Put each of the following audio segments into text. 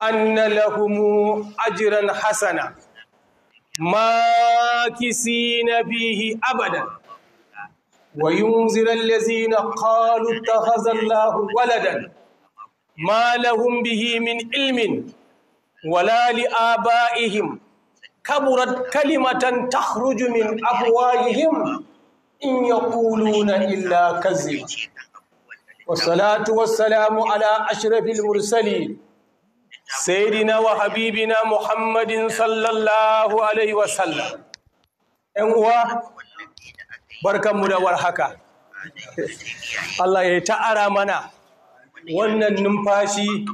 anna lahumu ajiran Hassana. ma kisi na bihi abadan. wa yunziran lazina qalu takhazallahu waladan ma lahum bihi min ilmin wala li abaihim kaburat kalimatan takhruju min afwahihim in yaquluna illa kazib wa salatu wassalamu ala ashrafil mursalin سيدنا wa habibina صلى الله عليه وسلم Yan uwa, barkanmu da warhaka Allah ya ta'ara mana wannan numfashi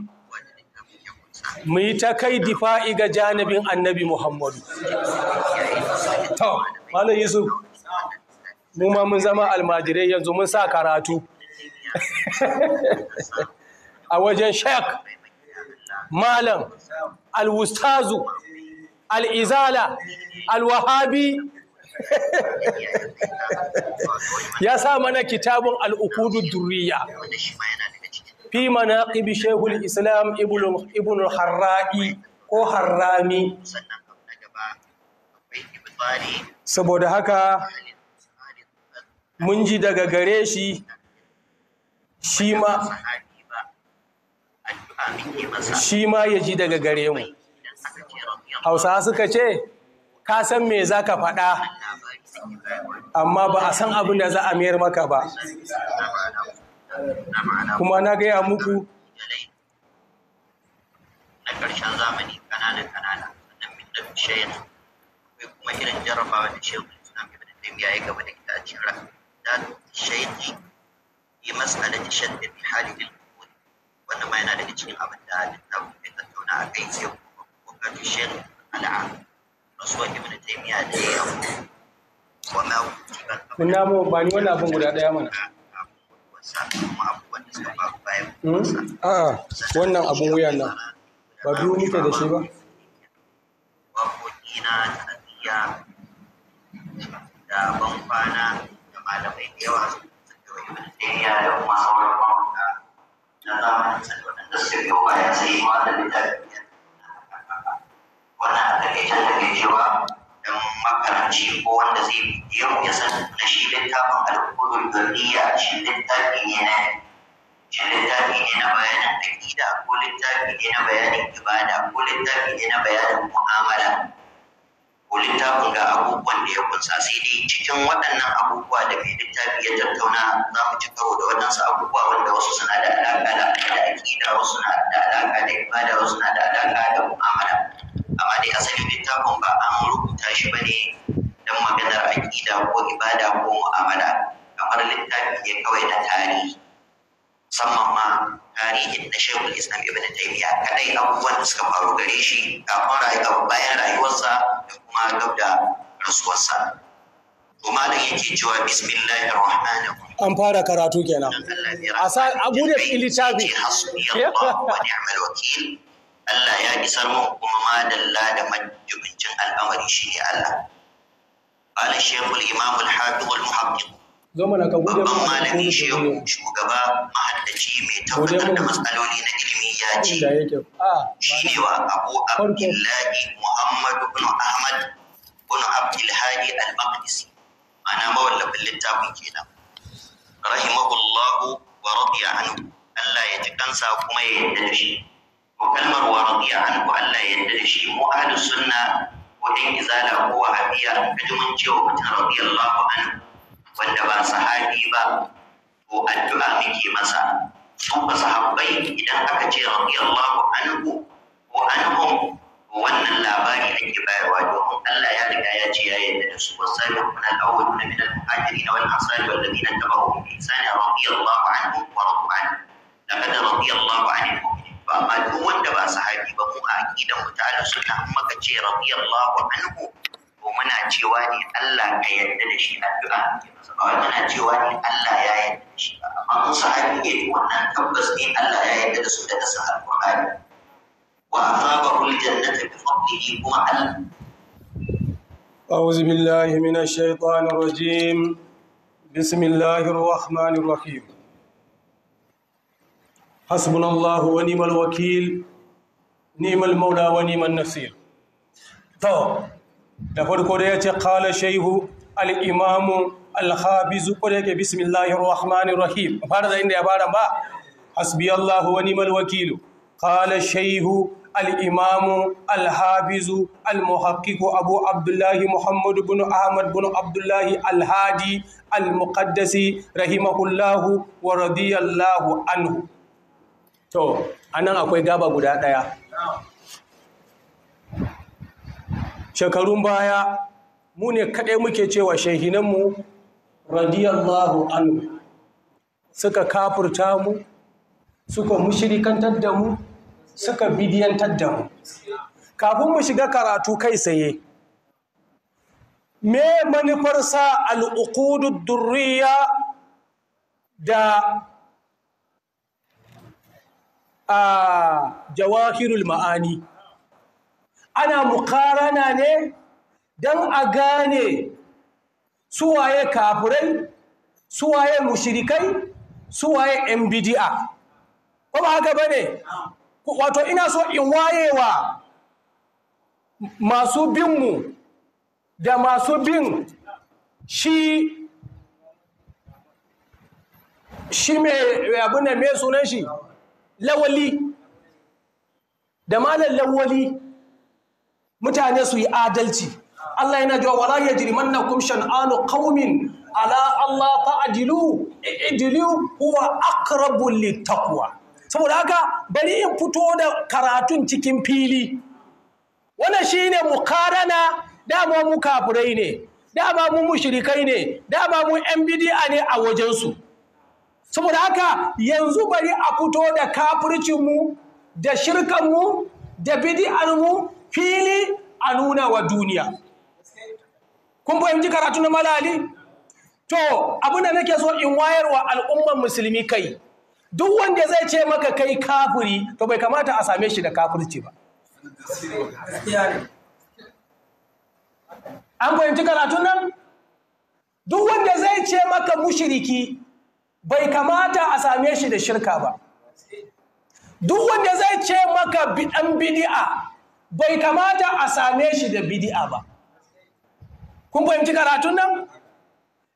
mu yi ta kai difa'i ga janabin annabi Muhammadu to wani Yusuf mu ma mun zama almajirai yanzu mun sa karatu a wajen shek malam alwustazu al'izala alwahabi ya sa mana kitabun al'ukudu duriya fi mana ƙibi shehul islam ibn harra'i ko harrami saboda haka mun ji daga gare shi shi ma shi ma ya ji daga gare mu hausawa suka ce ka san me za ka faɗa amma ba a san abin da za a mayar maka ba kuma na gaya muku na ƙarshen zamani ƙanana-ƙanana, kanana-kanana da shayin akwai kuma irin jarrabawa da shayin islam ibn taymiya ya gaba da ita a cikin da shayin yi da shaddin halin wannan ma yana daga cikin abin da littafin bai tattauna a kai sai kuma kokarin shan al'a rasuwar ibn taymiya da ya yi wannan mun na mu ba ni wannan abin guda daya mana hmm? a'a wannan abin wuya na. ba biyu muke da shi ba ta da ban kwana da malamai da yawa sun tattauna ibn taymiya yawan masauran zamanin sa waɗanda da biyo bayan da littafi wannan takaitan takaicewa don ko wanda zai yau ya san na shi littafin alƙudun littafi ne na ko littafi ne na bayanin ibada ko littafi ne na bayanin mu'amala ko littafin ga abubuwan da ya kunsa sai dai cikin waɗannan abubuwa da mai littafi ya tattauna za mu ci karo da waɗansu abubuwa wanda wasu suna da alaƙa da aƙida wasu suna da alaƙa da ibada wasu suna da alaƙa da mu'amala amma dai asalin littafin ba an rubuta shi ba ne don maganar aƙida ko ibada ko mu'amala kamar littafi ne kawai na tarihi musamman ma tarihin na shehul islam ibn taymiya kadai abubuwan da suka faru gare shi kafin bayan rayuwarsa da kuma gab da rasuwarsa to malam yake cewa bismillahir rahmanir rahim an fara karatu kenan a sa abu da ilitabi Allah ya isar mu kuma madalla da majibincin al'amari shi ne Allah. Qala Shaykhul imamul Al-Hafiz al zo mana ka gode mu malami shehu shugaba mahaddaci mai tabbatar da matsaloli na ilimi ya ce ah, shi wa abu abdullahi Muhammadu bin ahmad bin abdulhadi al-maqdisi ma'ana mawallafin littafin kenan rahimahullahu wa radiya anhu Allah ya ji kansa kuma ya yarda da shi ko kalmar wa radiya anhu Allah ya yarda da shi mu ahlus sunna ko ɗan izala ko wahabiya kaji mun cewa mutum radiyallahu anhu wanda ba sahabi ba ko addu'a muke masa sun ba sahabbai idan aka ce radiyallahu anhu ko anhum wannan labari ake bayarwa domin Allah ya riga ya ce ya yarda da su wasabi min al-awwal min al-muhajirin wal ansar wal ladina tabahu bi ihsan radiyallahu anhu wa radu anhu laqad radiyallahu anil mu'minin ba amma duk wanda ba sahabi ba mu a aqidan mutane suna maka ce radiyallahu anhu Ko muna cewa ne Allah ya yarda da shi addu'a ba wai muna cewa ne Allah ya yarda da shi ba amma in ne wannan tabbas ne Allah ya yarda da su da nasa alqur'ani wa asabahu aljannata bi fadlihi kuma Allah أعوذ بالله من الشيطان الرجيم بسم الله الرحمن الرحيم حسبنا الله ونعم الوكيل نعم المولى ونعم النصير طب da farko da ya ce kala shaihu al'imamu alhabizu ko da yake bismillahir rahmanir rahim fara da inda ya fara ba hasbi wani wa ni'mal wakilu kala shaihu al'imamu alhabizu almuhakiku abu abdullahi muhammadu bin ahmad bin abdullahi alhadi almuqaddasi rahimahullahu wa radiyallahu anhu to anan akwai gaba guda ɗaya shekarun baya mu ne kaɗai muke cewa shahinanmu radiyallahu anhu suka kafurta mu suka mushirikantar da mu suka bidiyantar da mu kafin mu shiga karatu kai tsaye me manufar sa al'ukudu durriya da a jawahirul ma'ani ana mukarana ne don a gane suwaye kafirai suwaye mushirikai suwaye yan bidi'a ko ba haka ba ne? wato ina so in wayewa masu binmu da masu bin shi shi mai abin mai sunan shi lawali da malar lawali mutane su yi adalci Allah yana jiwa wala kumshan shan'anu kaumin ala Allah ta'dilu i'dilu huwa aqrabu littaqwa saboda haka bari in fito da karatun cikin fili wannan shine mukarana dama mu kafirai ne dama mu mushrikai ne dama mu yan bid'a ne a wajensu saboda haka yanzu bari a fito da mu, da shirkan mu, da mu. fili a nuna wa duniya kun fahimci karatu na malali to abin da nake so in wayar wa al'umman musulmi kai duk wanda zai ce maka kai kafiri to bai kamata a same shi da kafirci ba an fahimci karatun nan duk wanda zai ce maka mushiriki bai kamata a same shi da shirka ba duk wanda zai ce maka bidan bidi'a bai kamata a same shi da bidi'a ba kun fahimci karatun nan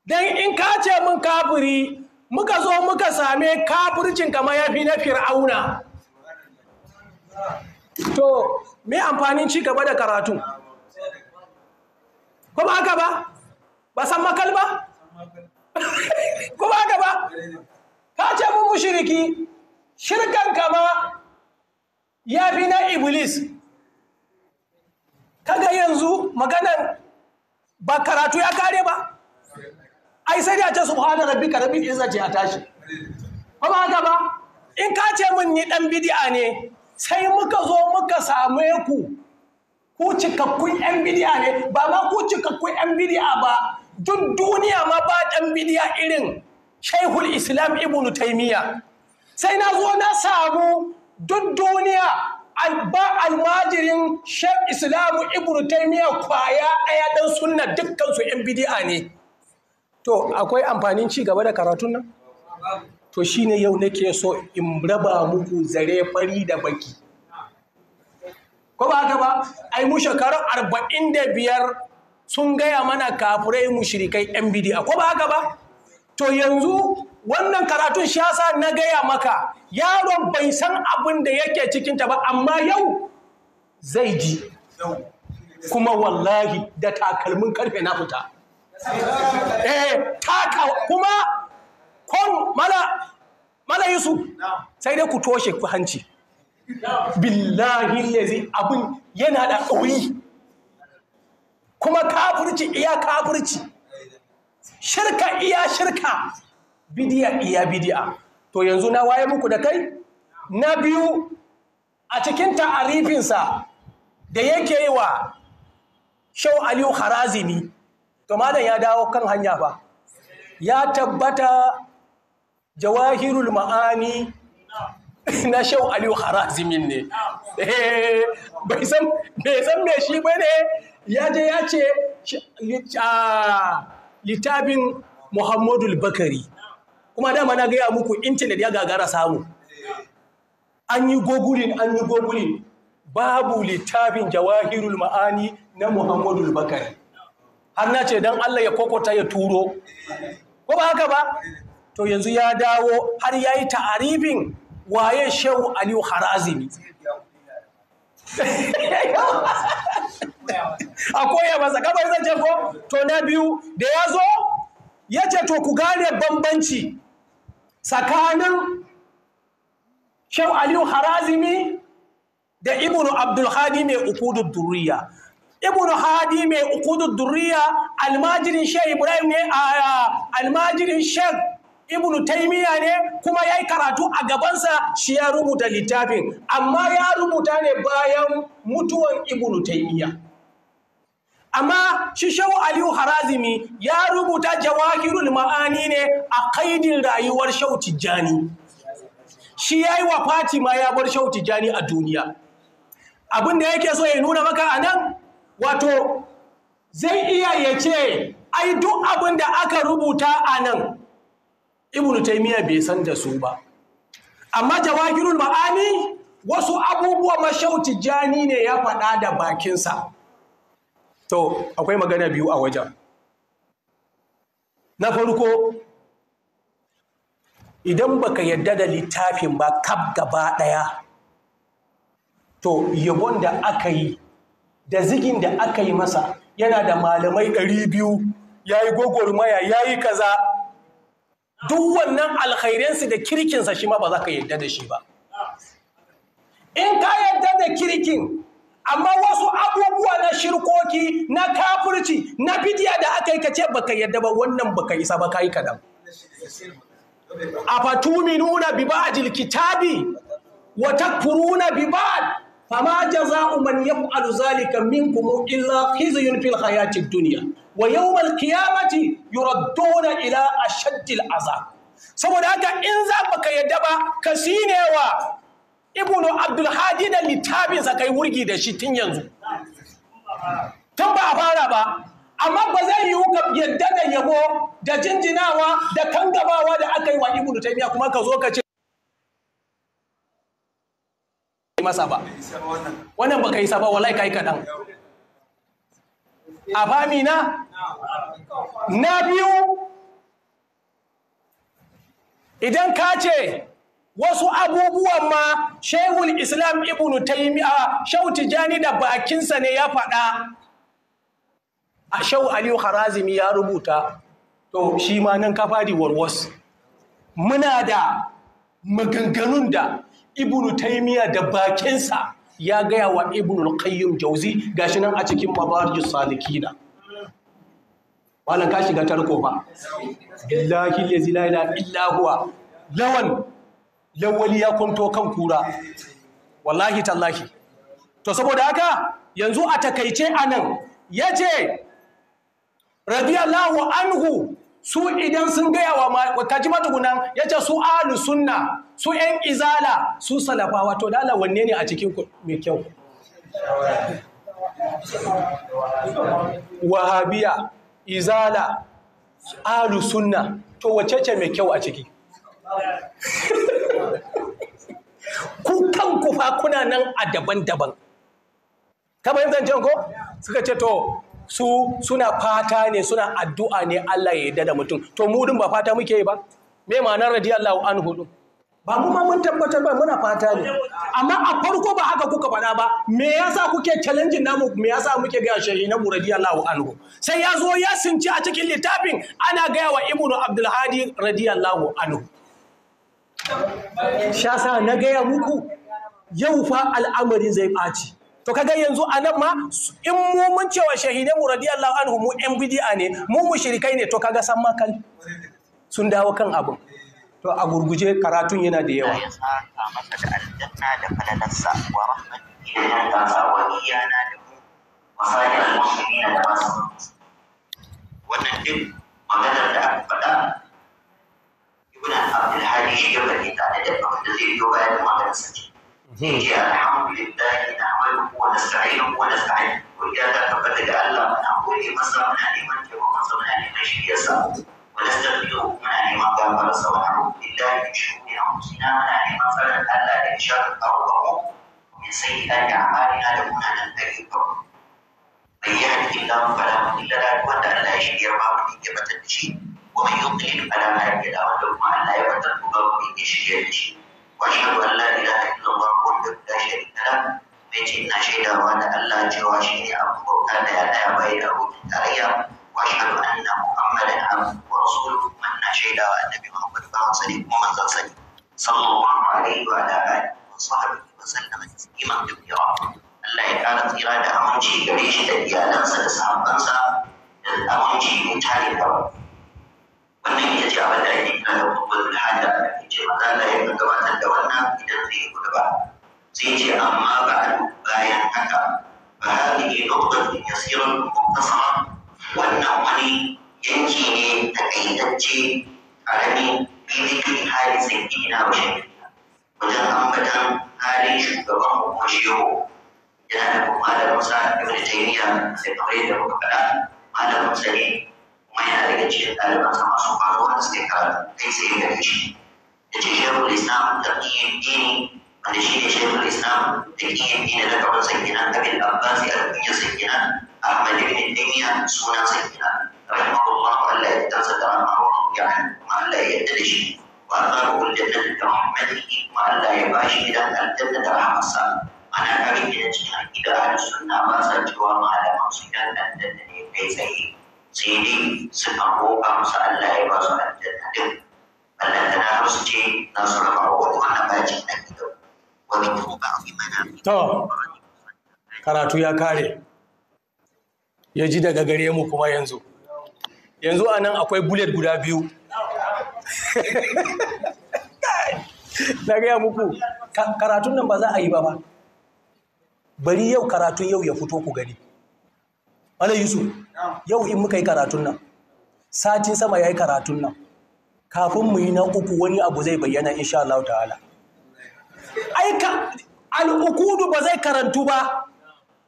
dan in ka ce mun kafiri muka zo muka same kafircin kamar fi na fir'auna to me amfanin ci gaba da karatu Kuma aka haka ba ba san makal ba Kuma aka haka ba ka ce mu mushiriki shirkan kama ya fi na iblis kaga yanzu maganar ba karatu ya kare ba ai sai da ce subhana rabbika rabbil izzati a tashi ba ba haka ba in ka ce min ni dan bid'a ne sai muka zo muka same ku ku cikakkun yan bid'a ne ba ma ku cikakkun yan bid'a ba duk duniya ma ba dan bid'a irin shaykhul Islam ibnu taymiya sai na zo na samu duk duniya ba almajirin shek islamu ibnu taimiyya kwaya ɗaya ɗan sunna dukkansu yan bidi'a ne to akwai amfanin ci gaba da karatun nan to shine yau nake so in raba muku zare fari da baki ko ba haka ba ai mu shekaru arba'in da biyar sun gaya mana kafurai mushrikai yan bidi'a ko ba haka ba to yanzu wannan karatun shi yasa na gaya maka yaron bai san abin da yake cikinta ba amma yau zai ji kuma wallahi da takalmin karfe na fita eh taka kuma kon mala mala yusuf sai dai ku toshe ku hanci billahi lazi abin yana da kauri kuma kafirci iya kafirci shirka iya shirka bidiya iya bidiya to yanzu na waye muku da kai na biyu a cikin ta'arifinsa da yake yi wa shau aliyu harazimi to malam ya dawo kan hanya ba ya tabbata jawahirul ma'ani na shau aliyu harazimin ne eh, bai san me shi ba ne ya je ya ce ah, litabin muhammadu bakari kuma dama na gaya muku intanet ya gagara samu an yi gogulin an yi gogulin babu littafin jawahirul ma'ani na muhammadu bakari har na ce don allah ya kokota ya turo ko ba haka ba to yanzu ya dawo har ya yi ta'arifin waye shehu aliyu harazimi a koya masa kamar zan ko to na biyu da ya zo ya ce to ku gane bambanci tsakanin shau aliyu harazimi da ibnu abdulhadi mai ukudu duriya ibnu hadi mai ukudu duriya almajirin shai ibrahim ne a almajirin shek ibnu taimiya ne kuma ya yi karatu a gabansa shi ya rubuta littafin amma ya rubuta ne bayan mutuwan ibnu taimiya amma shi shau aliyu harazimi ya rubuta jawahirul ma'ani ne a kaidin rayuwar shau tijjani shi ya yi wa fatima ya bar shau tijjani a duniya abin da yake so ya nuna maka a nan wato zai iya ya ce ai duk abin da aka rubuta a nan ibnu taimiyya bai san da su ba amma jawahirul ma'ani wasu abubuwa mashau tijjani ne ya faɗa da bakinsa to akwai magana biyu a wajen na farko idan baka yadda da littafin ba kaf gaba ɗaya to yabon da aka yi da zigin da aka yi masa yana da malamai ɗari biyu ya yi gwagwarmaya ya yi kaza duk wannan alkhairinsu da kirkinsa shi ma ba za ka yadda da shi ba in ka yadda da kirkin amma wasu abubuwa na shirkoki na kafirci na fidiya da aka yi ka ce baka yadda ba wannan baka isa ba kai kadan afatuminuna bi ba'dil kitabi wa takfuruna bi ba'd fama jaza'u man yaf'alu zalika minkum illa khizyun fil hayatid dunya wa yawmal qiyamati yuradduna ila ashaddil azab saboda haka in za baka yadda ba ka sinewa ibnu abdul hadi da littafinsa kai wurgi da shi tun yanzu tun ba a fara ba amma ba zai yiwu ka yadda da yabo da jinjinawa da kangabawa da aka yi wa ibnu taymiya kuma ka zo ka ce masa ba wannan ka yi saba wallahi kai kadan a fami na na biyu idan ka ce wasu abubuwan ma shehul islam ibnu taimiya shau tijani da bakinsa ne ya faɗa a shau aliyu harazimi ya rubuta to shi ma nan kafari warwas muna da maganganun da ibnu taimiya da bakinsa ya gaya wa ibnu qayyim jauzi gashi nan a cikin mabarijus salikina Wannan ka shiga tarko fa illahi allazi la ilaha lawan lawali ya kwanto kan kura wallahi tallahi to saboda haka yanzu a takaice anan yace radiyallahu anhu su idan sun gaya wa kaji matukunan ya ce su alu sunna su ‘yan izala su salafa wato dala wanne ne a cikin mai kyau wahabiya izala alu sunna to wace ce mai kyau a ciki ku kanku fa kuna nan a daban-daban ka fahimtar zan ko suka ce to su suna fata ne suna addu'a ne Allah ya yarda da mutum to mu din ba fata muke yi ba me ma'anar radiyallahu anhu din ba mu ma mun tabbatar ba muna fata ne amma a farko ba haka kuka faɗa ba me yasa kuke challenging namu me yasa muke ga shehi na radiyallahu anhu sai ya zo ya sinci a cikin littafin ana gaya wa ibnu abdul hadi radiyallahu anhu shasa sa na gaya muku yau fa al'amari zai ɓaci to kaga yanzu a nan ma in mu mun cewa shahidai mu radiyallahu anhu mu yan bidi'a ne mu mushrikai ne to kaga san makal sun dawo kan abin to a gurguje karatun yana da yawa wannan duk maganar da aka faɗa ibn abdulhadi shi ya fahimta da duk abin da zai biyo bayan maganar sa ce sai ce alhamdulillahi na amanu wa nasta'inu wa nasta'in ko ya ta tabbata ga Allah muna gode masa muna neman taimakon sa muna neman shiryarsa wa nastaghfiru muna neman gafara sa wa na'udhu billahi min shururi anfusina muna neman tsarin Allah da sharrin abubuwan min sayyi'ati a'malina da munanan ayyukan bai yi hadikin lamun fala da wanda Allah shirya ba ya ويمكن أن إلى ولكم أن لا يبتلكم في إشكاله وأشهد أن لا إله إلا الله وحده لا شريك له بيتي إن شهد وأن الله جوا شيء أبو كان لا بين أبو التريا وأشهد أن محمدا عبده ورسوله من شهد النبي محمد صلى الله عليه وسلم صلى الله عليه وعلى آله وصحبه وسلم تسليما كثيرا Allah ya ƙara tsira da aminci gare shi da iyalansa da sahabbansa da aminci mai tare da wannan ita ce abin da ake kira da kubbul hada da ake ce maza Allah ya gabatar da wannan idan zai yi ba sai ce amma ba a bayan haka ba yi haka ne doktor yasirin sama wannan wani yanki ne a takaitacce karami bibiki hali sai na bashe wajen ambatan halin shugaban hukumar shehu yana da malam musa ibn taymiya sai kamar yadda muka faɗa malam musa ne kuma yana daga cikin ɗaliban sama masu ƙwazo wanda suke karatu kai sai gare shi da ce shehul islam da dini wanda shi ne shehul islam da kiyin dini da kamar sankinan abin abbasi alkunyar sankinan ahmad ibn taymiya sunan sankinan rahimahullah Allah ya tansa da rahmah wa rubiyan kuma Allah ya yarda da shi wa azabu aljanna da rahmatihi kuma Allah ya bashi gidan aljanna da rahmarsa ana kare gidan cikin aqida da sunna ba sa cewa malaman su dan aljanna ne kai tsaye sai dai suka roƙa musu Allah ya ba su aljanna din ballantana har su ce za su raba wa wani wannan bayanin na gidan wani mana to karatu ya kare ya ji daga gare mu kuma yanzu yanzu anan akwai bullet guda biyu na gaya muku karatun nan ba za a yi ba ba bari yau karatun yau ya fito ku gani Malam Yusuf, yau in muka yi karatun nan, satin sama ya yi karatun nan, kafin mu yi na uku wani abu zai bayyana insha Allah ta'ala. Aika al'ukudu ba zai karantu ba,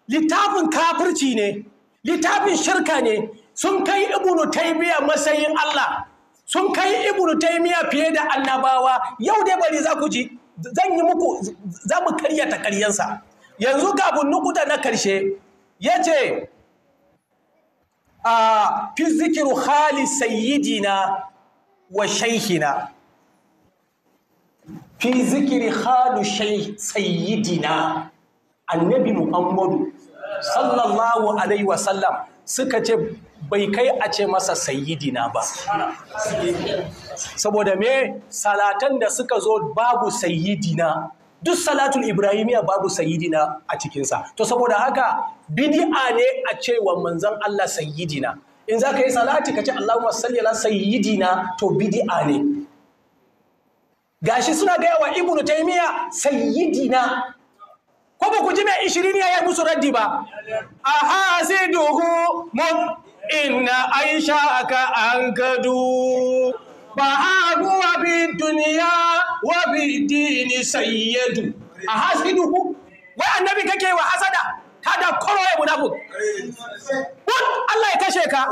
littafin kafirci ne, littafin shirka ne, sun kai ibunu taibiya matsayin Allah, sun kai ibunu taibiya fiye da annabawa, yau dai bari za ku ji, zan yi muku, za mu karyata karyansa. Yanzu kafin nukuta na karshe, ya ce, fi zikiru hali sayyidina wa shaihina. fi zikiri halu sayyidina annabi muhammadu sallallahu alaihi wasallam suka ce bai kai a ce masa sayyidina ba saboda me salatan da suka zo babu sayyidina duk salatul ibrahimiya babu sayyidina a cikinsa to saboda haka bidi'a ne a cewa manzon Allah sayyidina in za ka yi salati ka ce Allahumma salli ala sayyidina to bid'a ne gashi suna gaya wa ibnu taymiya sayyidina ko ba ku ji mai ishirin ya yi musu raddi ba a duhu mun inna aisha ka an gadu ba a bi duniya a hasiduku wai annabi kake wa hasada kada koro ya munafu but Allah ya kashe ka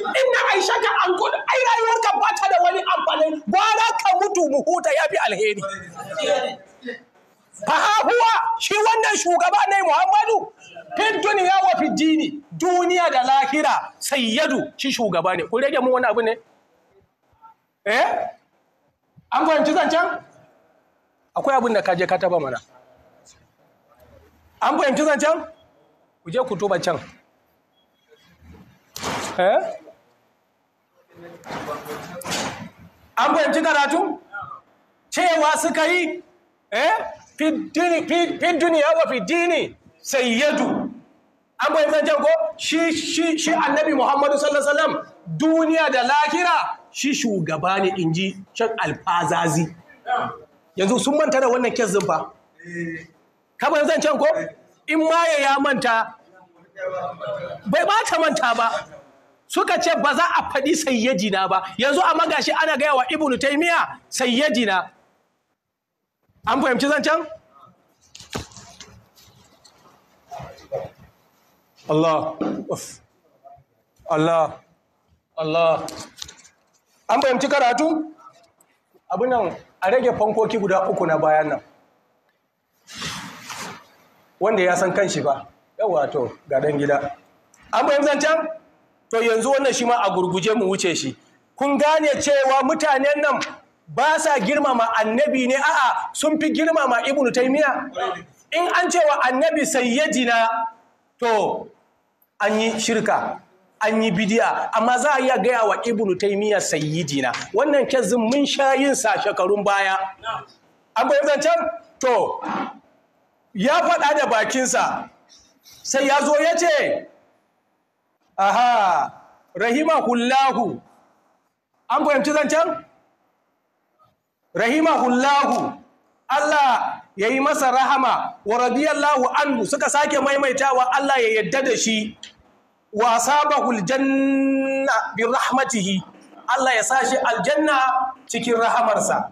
inna ka an kun ai rayuwar ka bata da wani amfani bala ka mutu mu huta yafi alheri fa huwa shi wannan shugaba ne Muhammadu fil duniya wa fi dini duniya da lahira sayyadu shi shugaba ne ku rage mu wani abu ne eh an fahimci zancen akwai abin da kaje ka taba mana an fahimci zancen ku je ku tuba can eh an fahimci karatu cewa suka yi eh fi duniya wa fi dini yadu. an fahimci zancen ko shi annabi muhammadu sallallahu alaihi wasallam duniya da lahira shi shugaba ne in ji can alfazazi yanzu sun manta da wannan kyan fa kamar zan can ko in maye ya manta bai ba ta manta ba suka ce ba za a faɗi sayyadina ba yanzu a magashi ana gaya wa ibnu taimiya sayyadina an fahimci zancen Allah Allah Allah an fahimci karatu Abinan a rage fankoki guda uku na bayan nan wanda ya san kanshi ba yawa to ga gida an bayan zancen to yanzu wannan shi ma a gurguje mu wuce shi kun gane cewa mutanen nan ba sa girmama annabi ne a'a sun fi girmama ibnu miya. in an cewa annabi sayyadina to an yi shirka an yi bidiya amma za a iya gaya wa ibnu sayyidi sayyidina wannan kezin mun sha yin sa shekarun baya an bai zancen to ya faɗa da bakinsa sai ya zo ya ce aha Rahima rahimahullahu an fahimci zancen Hullahu. Allah ya yi masa rahama wa radiyallahu anhu suka sake maimaitawa Allah ya yadda da shi wa asabahu aljanna bi rahmatihi Allah ya sashi aljanna cikin rahamarsa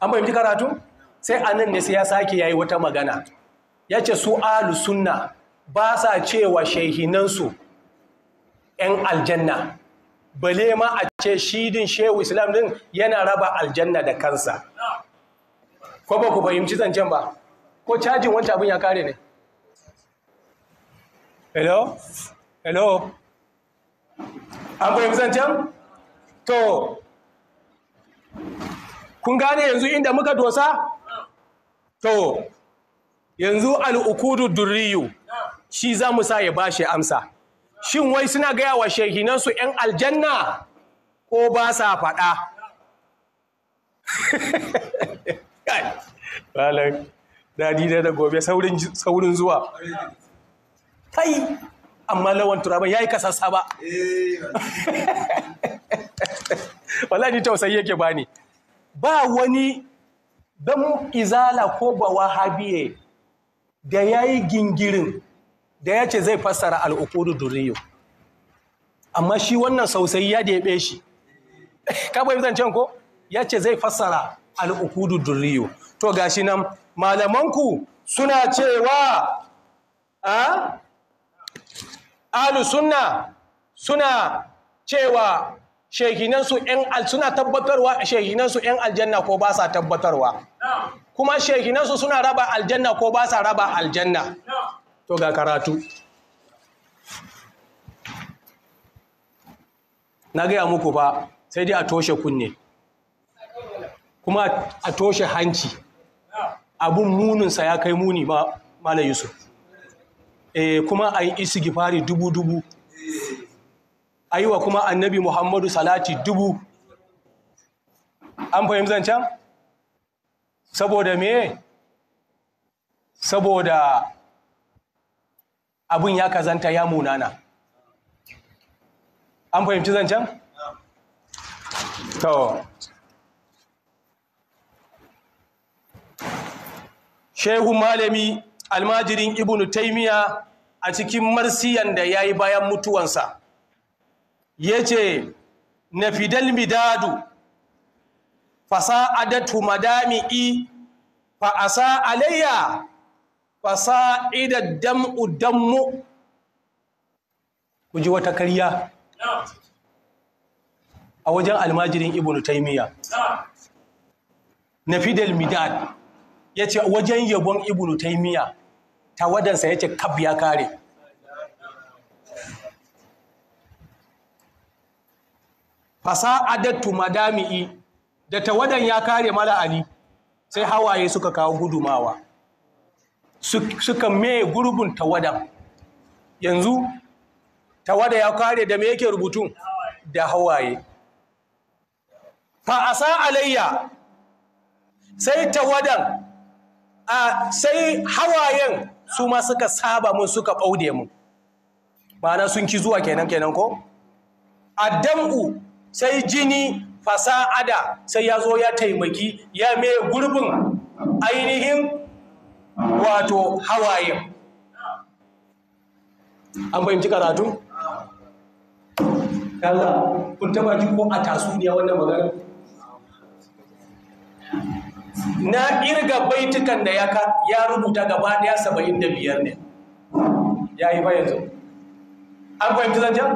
an fahimci karatu sai anan ne sai ya sake yayi wata magana yace su alu sunna ba sa cewa su ‘yan aljanna, bale ma a ce shi din shehu Islam din yana raba aljanna da kansa. Ko ba ku fahimci zancen ba, ko cajin wancan abin ya kare ne? Hello? hello an fahimci can? to kun gane yanzu inda muka dosa to yanzu al'ukudu duriyu shi za mu sa ya bashi amsa shin wai suna gaya wa shekinansu 'yan aljanna ko ba sa faɗa Malam, dadi da gobe saurin zuwa. Kai, amma lawan turaba ya yi kasa ba eh, Wala ni tausayi yake bani ba wani dan izala ko ba wahabiye da ya yi gingirin da ya ce zai fassara al'ukudu duriyo amma shi wannan sausayi ya deɓe shi kaba yi zancen ko ya ce zai fassara al'ukudu duriyo to gashi nan malamanku suna cewa a ah, Alu sunna suna cewa shehinansu yan suna tabbatarwa shehinansu yan aljanna ko ba sa tabbatarwa kuma shehinansu suna raba aljanna ko ba sa raba aljanna to ga karatu na gaya muku ba sai dai a toshe kunne kuma a toshe hanci abun muninsa ya kai muni ma Malam Yusuf eh kuma ayi istighfari dubu dubu A yi wa kuma annabi Muhammadu salati dubu an fahim can saboda me saboda abin ya kazanta ya munana an fahimci zancen? to shehu malami almajirin ibnu taimiya a cikin marsiyan da ya yi bayan mutuwansa ya ce na fidal midadu adatu madami'i sa alayya idan dam'u dam'u ku ji wata karya a wajen almajirin ibnu taimiya na fidal midadu ya ce wajen yabon ibnu taimiya wadansa ya ce kab ya kare fasa'adattu madami'i da tawadan ya kare mala ali sai hawaye suka kawo gudumawa suka maye gurbin wadan yanzu tawada ya kare da me yake rubutun da hawaye fa alayya sai tawadan a sai hawayen su ma suka saba mun suka ɓaude mun ma'ana sun ki zuwa kenan kenan ko addam'u sai jini fasa'ada sai ya zo ya taimaki ya mai gurbin ainihin wato hawaye an fahimci karatu? kun taba ji ko a a wannan magana na kirga baitukan da ya rubuta gaba daya saba'in da biyar ne ya yi bayan zo an fahimci zancen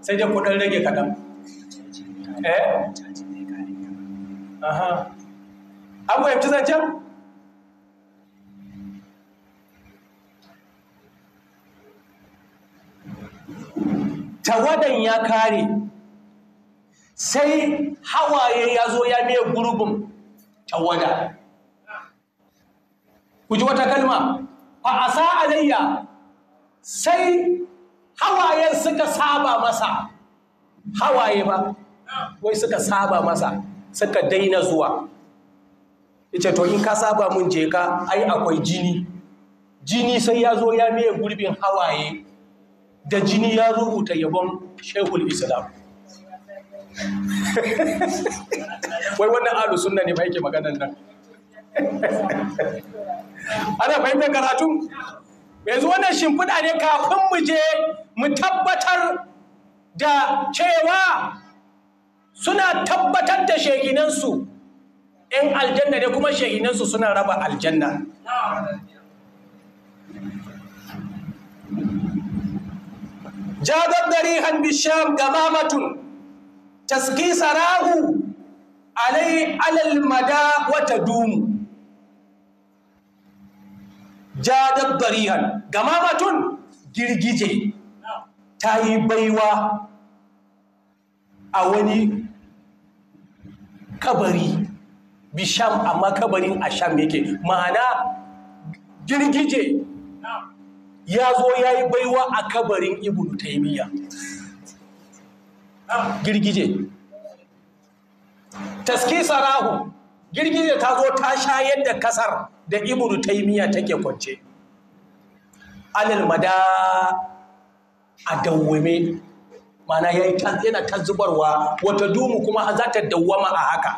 sai dai kudin rage kaɗan eh an an fahimci zancen tawadan ya kare sai hawaye ya zo ya miye gurbin tawada ku ji wata kalma A asa alayya sai hawayen suka saba masa hawaye ba wai suka saba masa suka daina zuwa yace to in ka saba mun je ka ai akwai jini jini sai ya zo ya miye gurbin hawaye da jini ya rubuta yabon shehul islam wai wannan alu sunna ne mai ke maganan nan ana fahimtar karatu yanzu wannan shimfiɗa ne kafin mu je mu tabbatar da cewa suna tabbatar da shekinansu yan aljanna ne kuma shekinansu suna raba aljanna jadar dari han gamamatun taski sarahu alai alal mada wata dumu jadab darihan gama matun girgije ta yi baiwa a wani kabari bisham amma kabarin asham yake ma'ana girgije ya zo ya yi baiwa a kabarin ibn taimiyya girgije taski sarahu girgije ta zo ta shayar da kasar da ibnu taimiya take kwance alal mada a dawwame mana yana ta zubarwa wata dumu kuma za ta dawwama a haka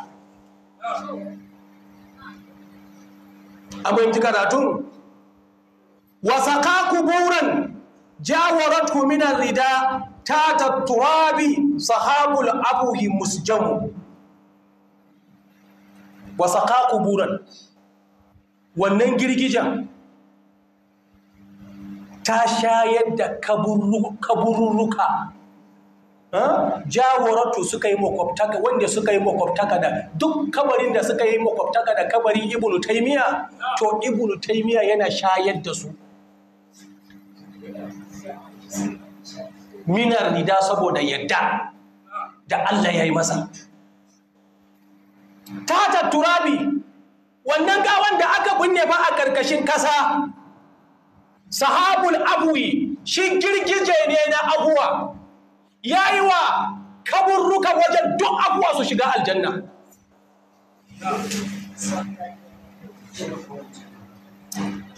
abin ji karatun wasa ka jawo ratu minar rida tata turabi sahabul abuhi musjamu wa saka kuburan wannan girgijan ta shayar da kaburruka jaworatu suka yi makwabtaka wanda suka yi makwabtaka da duk kabarin da suka yi makwabtaka da kabarin ibnu taimiya to ibnu taimiya yana shayar da su minar nida saboda yadda da Allah ya yi masa tata turabi wannan gawan da aka binne ba a ƙarƙashin ƙasa sahabul abuwi shi girgije ne na abuwa ya yi wa kaburruka wajen duk abuwa su shiga aljanna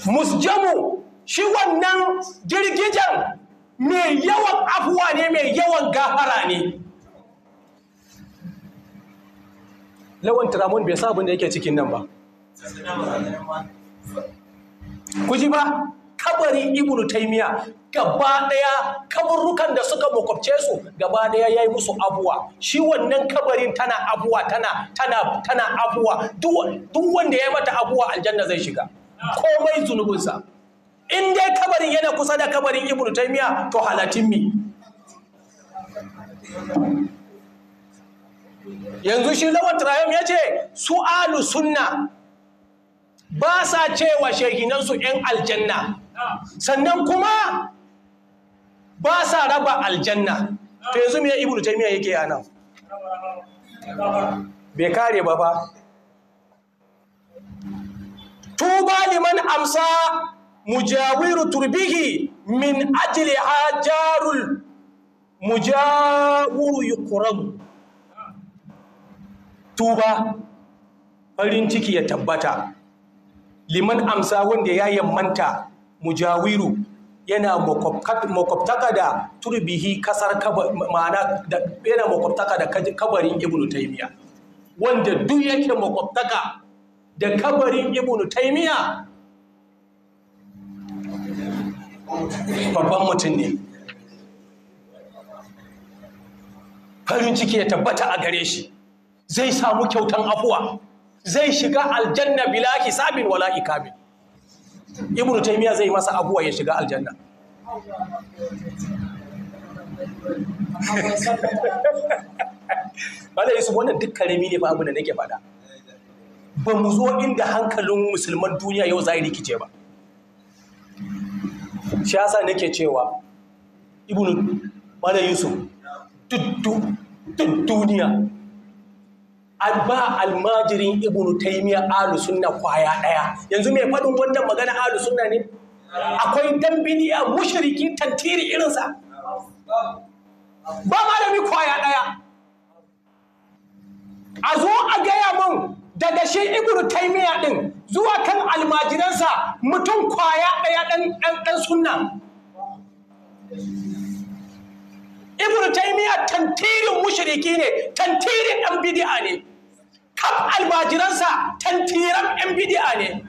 musjamu shi wannan girgijen mai yawan afuwa ne mai yawan gafara ne lawan tiramun bai sabon da yake cikin nan ba ku ba kabari ibnu taimiya gaba daya kaburrukan da suka makwabce su gaba daya yi musu abuwa shi wannan kabarin tana abuwa tana tana tana abuwa duk wanda ya yi mata abuwa aljanna zai shiga komai zunubinsa in dai kabarin yana kusa da kabarin ibnu taymiya to halatin mi yanzu shi lawan trayom ya su alu sunna ba sa cewa shehinansu 'yan aljanna sannan kuma ba sa raba aljanna to yanzu mai ibnu taymiya yake yana? nan bai kare ba ba tuba liman amsa mujawiru turbihi min ajili hajarul mujawiru yukramu tuba farin ciki ya tabbata liman amsa wanda ya yammanta mujawiru yana makwabtaka da turbihi kasar ma'ana yana makwabtaka da kabarin ibnu taimiya wanda duk yake makwabtaka da kabarin ibnu taimiya babban mutum ne farin ciki ya tabbata a gare shi zai samu kyautan afuwa zai shiga aljanna bilaki sabin wala ikamin ibn taymiya zai masa abuwa ya shiga aljanna Bala Yusuf wannan duk karami ne ba abin da nake faɗa. Ba mu zo inda hankalin musulman duniya yau zai rikice ba. shi yasa nake cewa ibnu malam yusuf duk duniya ba almajirin ibnu taymiya ahlu sunna kwaya daya yanzu mai faɗin wannan magana ahlu sunna ne akwai a mushriki tantiri irinsa ba malami kwaya daya a zo a gaya mun daga shi ibnu taimiya din zuwa kan almajiransa mutum kwaya ɗaya ɗan sunna ibnu taimiya tantirin mushriki ne tantirin ɗan bidi'a ne kaf almajiransa tantiran ɗan bidi'a ne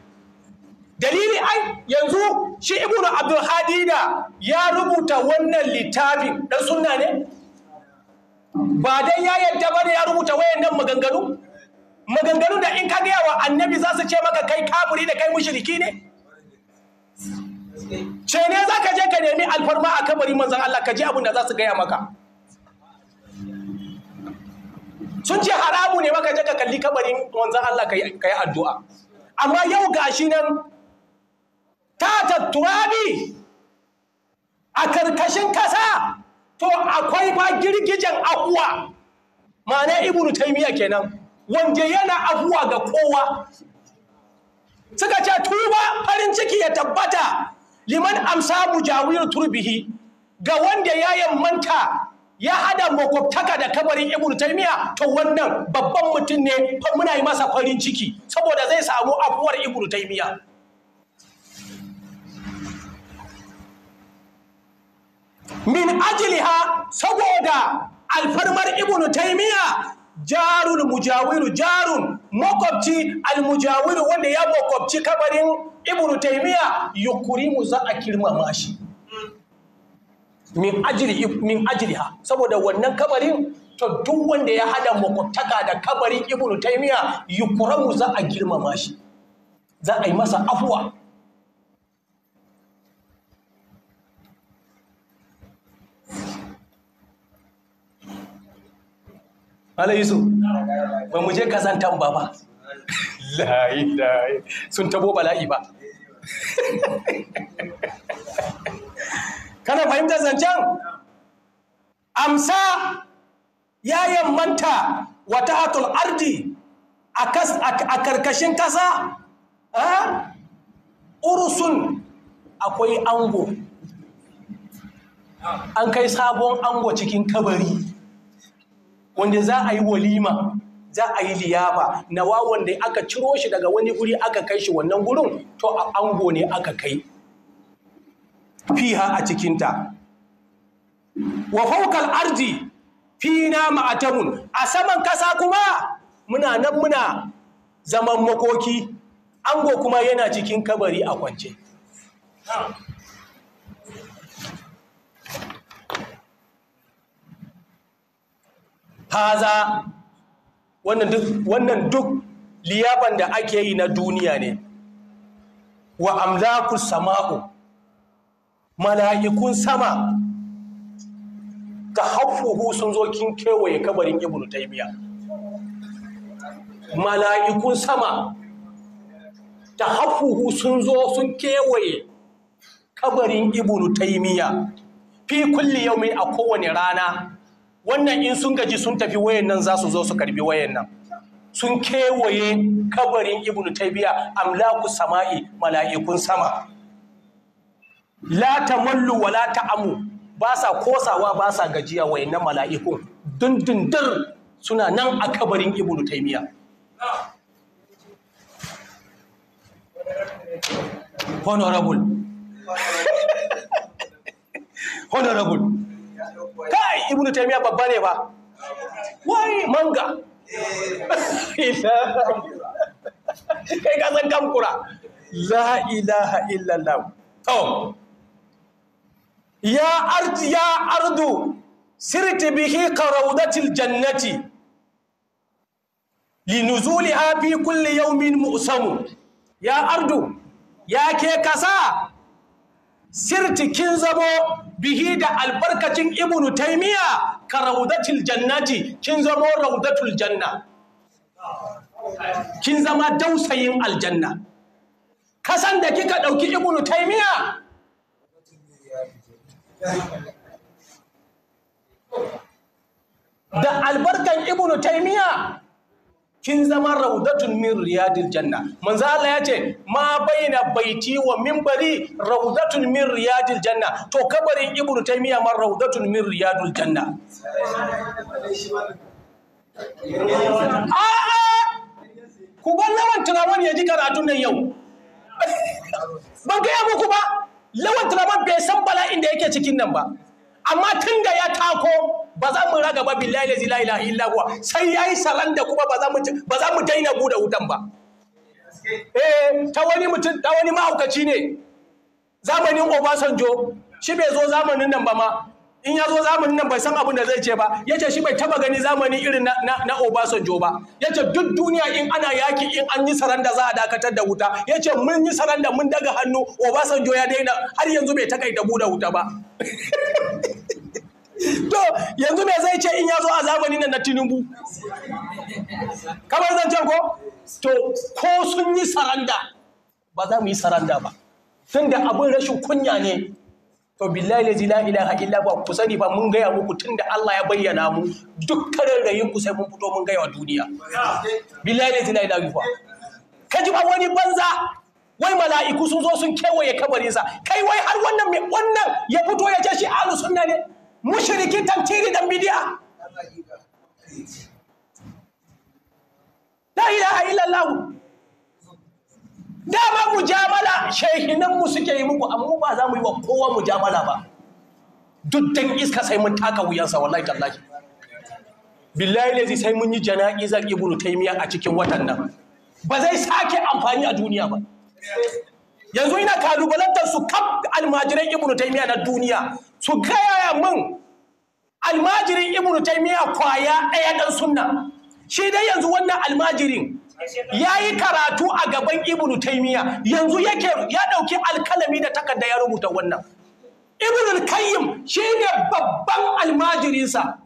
dalili ai yanzu shi ibnu abdulhadi da ya rubuta wannan littafin ɗan sunna ne ba dai ya yadda ba ne ya rubuta wayannan maganganu maganganun da in ka gaya wa annabi za su ce maka kai kafiri da kai mushriki ne ce ne za ka je ka nemi alfarma a kabari manzan Allah ka ji abin da za su gaya maka sun ce haramu ne maka je ka kalli kabarin manzan Allah ka yi addu'a amma yau ga shi nan ta tatturabi a karkashin kasa to akwai ba girgijen akuwa ma'ana ibu taymiya kenan wanda yana abuwa ga kowa suka ce tuba farin ciki ya tabbata liman amsa mu mujawir turbihi ga wanda ya yammanta ya hada makwabtaka da kabarin ibnu taymiya to wannan babban mutum ne muna yi masa farin ciki saboda zai samu afuwar ibnu taymiya min ajliha saboda alfarmar ibnu taymiya jarun mujawiru jarun makwabci almujawiru wanda ya makwabci kabarin ibnu taymiya yukurimu za a kirmama shi min ajiri min saboda wannan kabarin to duk wanda ya hada makwabtaka da kabarin ibnu taymiya yukuramu za a girmama shi za a yi masa afwa yi Yusuf, ba mu je kazantan ba ba. Layi layi sun tabo bala'i ba. Kana fahimtar zancen? Amsa ya manta wata atul ardi a karkashin kasa? Urusun akwai ango. An kai sabon ango cikin kabari. wanda za a yi walima za a yi liyafa nawa wanda aka ciro shi daga wani guri aka kai shi wannan gurin to a ango ne aka kai fiha a cikinta wa faukal arji fina ma'atamun a saman kasa kuma muna nan muna zaman makoki ango kuma yana cikin kabari a kwance haza wannan duk liyafan da ake yi na duniya ne wa amlaku sama'u mala'ikun sama ka haffuhu sun zo kin kewaye kabarin ibnu taymiya mala'ikun sama ta haffuhu sun zo sun kewaye kabarin ibnu taymiya fi kulli yaumin a kowane rana wannan in sun gaji sun tafi wayan nan za su zo su karbi wayan nan sun kewaye kabarin Ibn taibiya amlaku sama'i mala'ikun sama la tamallu wa la ta'amu ba sa kosawa ba sa gajiya nan mala'ikun dundundar suna nan a kabarin Ibn taibiya honorable honorable kai ibn taymiya babba ne ba wai manga kai ka san kamkura la ilaha illallah to ya ardu ya ardu sirti bihi qaraudatil jannati linuzuliha fi kulli yawmin mu'samu ya ardu ya ke kasa sirtikin zamo bihi da albarkacin ibnu taimiya ka raudatul jannati kin zamo raudatul janna kin zama dausayin aljanna kasan da kika dauki ibnu taimiya da albarkan ibnu taimiya kin zama raudatun min riyadil janna manzo Allah ya ce ma baina baiti wa minbari raudatun min riyadil janna to kabarin ibnu taymiya ma raudatun min riyadil janna a'a ku lawan turawan ya ji karatun nan yau ban gaya ku ba lawan turawan bai san bala'in da yake cikin nan ba amma tunda ya tako ba za mu raga ba billahi la ilaha illa huwa sai yayi da kuma ba za mu ba za mu daina bude wutan ba eh ta wani mutum ta wani mahaukaci ne zamanin Obasanjo shi bai zo zamanin nan ba ma in ya zo zamanin nan bai san abin da zai ce ba ya ce shi bai taba gani zamani irin na, na, na Obasanjo ba ya ce duk duniya in ana yaki in an yi saranda za a dakatar da wuta ya ce mun yi saranda mun daga hannu Obasanjo ya daina har yanzu bai takaita buɗe wuta ba to yanzu me zai ce in ya zo a zamanin nan na tinubu kamar zan can ko to ko sun yi saranda ba za mu yi saranda ba tun da abin rashin kunya ne to billahi lazi la ilaha illa ba ku sani ba mun gaya muku tun da Allah ya bayyana mu duk kararrayin ku sai mun fito mun gaya wa duniya billahi la ilaha illa ka ji ba wani banza wai mala'iku sun zo sun kewaye kabarinsa kai wai har wannan mai wannan ya fito ya ce shi ahlus sunna ne mushrikin tantiri dan bidi'a la ilaha illallah dama mujamala shehinan mu suke yi muku amma ba za mu yi wa kowa mujamala ba duk dan iska sai mun taka wuyansa wallahi tallahi billahi lazi sai mun yi jana'izar ibnu taymiya a cikin watan nan ba zai sake amfani a duniya ba yanzu ina kalubalantar su kaf almajiran ibnu taymiya na duniya su gaya min almajirin ibnu taimiyya kwaya ɗaya ɗan sunna shi dai yanzu wannan almajirin ya yi karatu a gaban ibnu taimiyya yanzu yake ya ɗauki alkalami da takarda ya rubuta wannan ibnu kayyim shi ne babban almajirinsa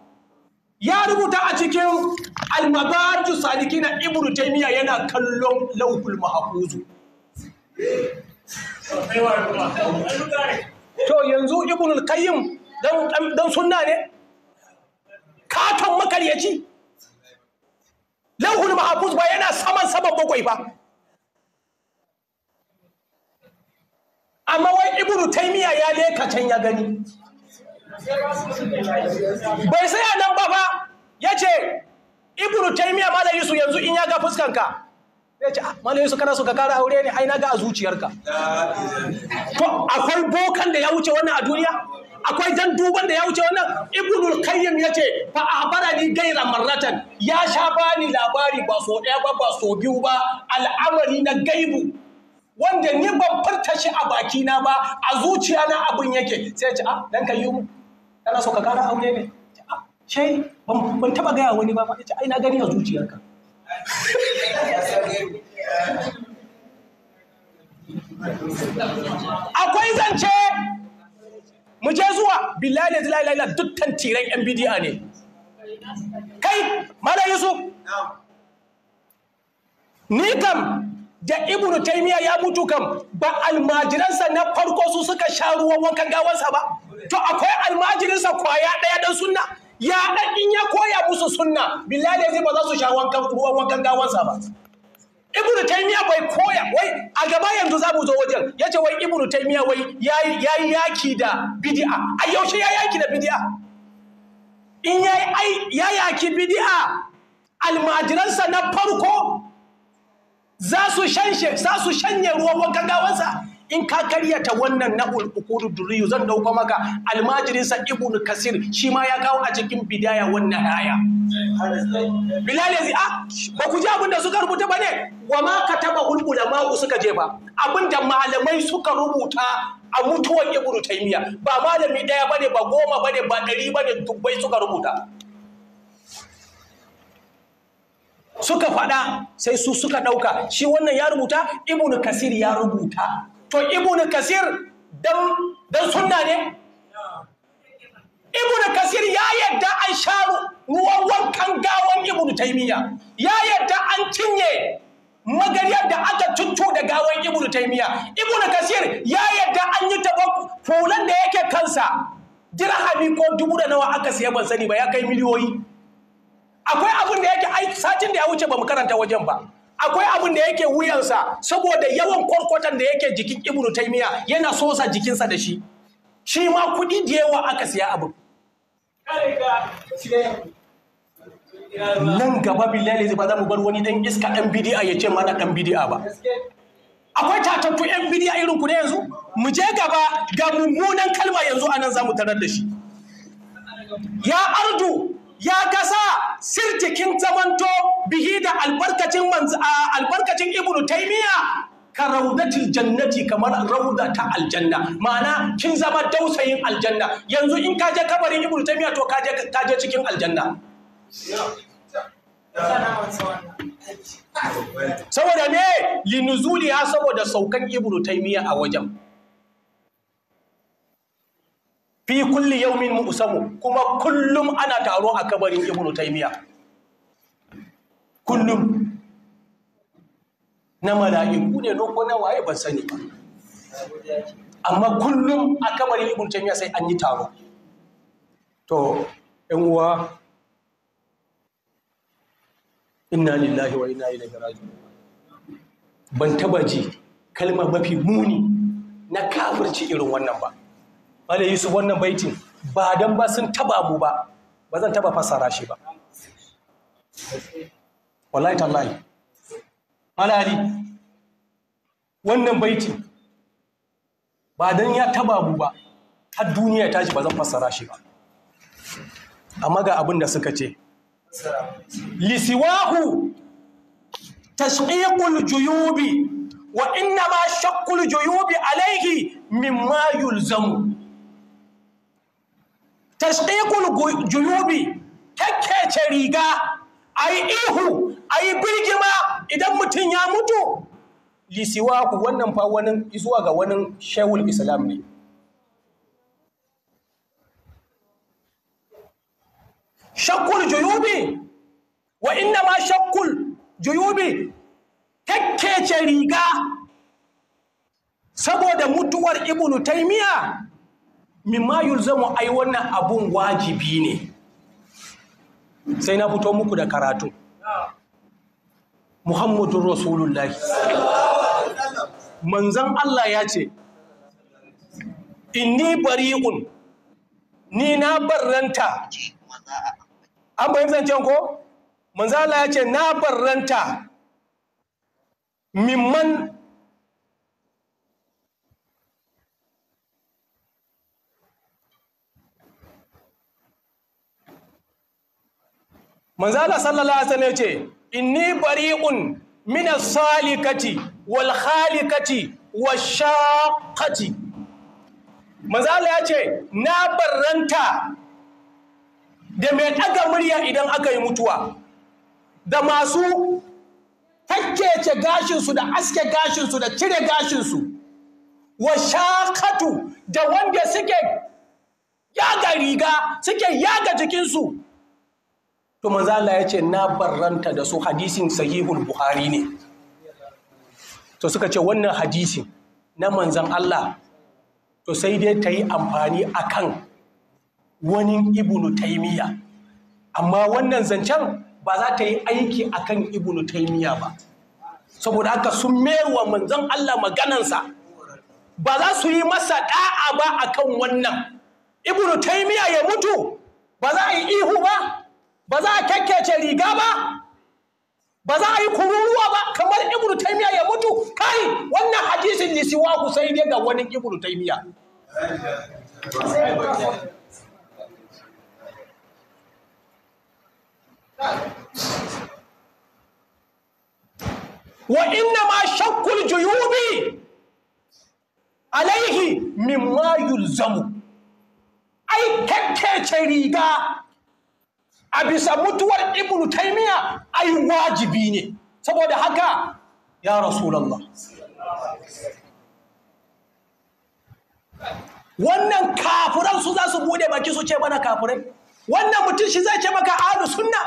ya rubuta a cikin almabaju saliki na ibnu taimiyya yana kallon lauhul mahafuzu to yanzu ibnul qayyim dan sunna ne katon makaryaci lauhul mahfuz ba yana saman saman bakwai ba amma wai ibnu taymiya ya leka can ya gani bai sai nan ba fa yace ce ibnu taimiya da yusu yanzu in ya ga fuskanka ya ce ah, malam yusuf kana so ka kara aure ne ai na ga a zuciyarka to akwai bokan da ya wuce wannan a duniya akwai jan duban da ya wuce wannan ibnul qayyim yace fa ni gaira marratan ya sha bani labari ba so daya ba ba so biyu ba al'amari na gaibu wanda ni ban furta shi a baki na ba a zuciya na abin yake sai ce ah dan kai mu kana so ka kara aure ne ah shei ban taba gaya wani ba fa ce ai na gani a zuciyarka akwai zance mu je zuwa billahi la ilaha dukkan tiran yan bidiya ne kai mana yusu ni kam da ibnu taymiya ya mutu kam ba almajiransa na farko su suka sha ruwan wankan gawansa ba to akwai almajirinsa kwaya daya dan sunna ya dan in ya koya musu sunna billahi zai ba za su sha wankan ruwan wankan gawansa ba ibnu taymiya bai koya wai a gaba yanzu za mu zo wajen ya ce wai ibnu taymiya wai ya yi yaki da bid'a a yaushe ya yaki da bid'a in ya yaki bid'a almajiransa na farko za su shanye ruwan wankan gawansa in ka karyata wannan na ulukuru duriyu zan dauko maka almajirinsa ibnu kasir shi ma ya kawo a cikin bidaya wannan haya bilal yazi a ah, ba ku ji abin da suka rubuta bane wa ma kataba ulama suka jefa abin da malamai suka rubuta a mutuwar ibnu taymiya ba malami daya bane ba goma bane ba ɗari bane dubbai suka rubuta suka faɗa sai su suka ɗauka shi wannan ya rubuta ibnu kasir ya rubuta to ibnu kasir dan dan sunna ne ibnu kasir ya yadda an sha ruwan wankan gawan ibnu taymiya ya yadda an cinye magariyar da aka cuccu da gawan ibnu taymiya ibnu kasir ya yadda an yi tabo fulan da yake kansa dirhami ko dubu da nawa aka siya ban sani ba ya kai miliyoyi akwai abin da yake ai satin da ya wuce ba mu karanta wajen ba akwai abin da yake wuyansa saboda yawan kwarkwatan da yake jikin ibnu taimiya yana sosa jikinsa da shi shi ma kuɗi da yawa aka siya abin nan gaba bilali ba za mu bar wani dan iska dan bidi'a ya ce mana dan bidi'a ba akwai tatattu yan bidi'a irin ku ne yanzu mu je gaba ga mummunan kalma yanzu anan za mu tarar da shi ya ardu ya kasa sirjikin zamanto bihi da albarkacin manzo albarkacin ibnu taymiya ka raudatil jannati kamar rauda ta aljanna ma'ana kin zama dausayin aljanna yanzu in ka je kabarin ibnu taymiya to ka je ka je cikin aljanna saboda ne linuzuliya saboda saukan ibnu taymiya a wajen fi kulli yaumin mu'samu kuma kullum ana taro a kabarin ibnu taymiya kullum na mala'iku ne ko na waye ban sani ba amma kullum a kabarin ibnu taymiya sai an yi taro to yan uwa inna lillahi wa inna ilaihi raji'un ban taba ji kalma mafi muni na kafirci irin wannan ba Bale Yusuf wannan baitin ba don ba sun taba mu ba ba zan taba fassara shi ba wallahi tallahi alali wannan baiti ba don ya taba mu ba har duniya ta tashi ba zan fassara shi ba amma ga abin da suka ce lisiwahu tashqiqul juyubi wa inna ma shaqqul juyubi min mimma yulzamu tashqiqul juyubi kakkece riga ai ihu ai birgima idan mutum ya mutu ku wannan fa wani zuwa ga wani shehul islam ne shakkul juyubi wa inna ma shakkul juyubi kakkece riga saboda mutuwar ibnu taymiya mimma yulzamu ai wannan abun wajibi ne sai na fito muku da karatu muhammadun rasulullah manzan Allah ya ce inni bari'un ni na barranta an bayan zancen ko manzan Allah ya ce na barranta mimman manzo Allah sallallahu alaihi wasallam yace inni bari'un min as-salikati wal khaliqati washaqati manzo Allah ce na barranta da mai daga murya idan aka yi mutuwa da masu takkece gashinsu da aske gashinsu da cire gashinsu wa shaqatu da wanda suke yaga riga suke yaga jikinsu to manzo Allah ya ce na barranta da su hadisin sahihul buhari ne to suka ce wannan hadisin na manzan Allah to sai dai ta yi amfani a kan wani ibnu taimiyya amma wannan zancen ba za ta yi aiki a kan ibnu taimiyya ba saboda haka sun mewa manzan Allah maganansa ba za su yi masa ɗa'a ba a kan wannan ibnu taimiyya ya mutu ba za a yi ihu ba ba za a kyakkyace riga ba ba za a yi kururuwa ba kamar ibnu taymiya ya mutu kai wannan hadisin ne siwa ku sai dai ga wani ibnu taymiya wa inna ma shakkul juyubi alaihi mimma yulzamu ai kyakkyace riga a bisa mutuwar ibnu taimiya ai wajibi ne saboda haka ya rasulallah wannan kafiran su za su bude baki su ce mana kafirai wannan mutum shi zai ce maka Alu sunna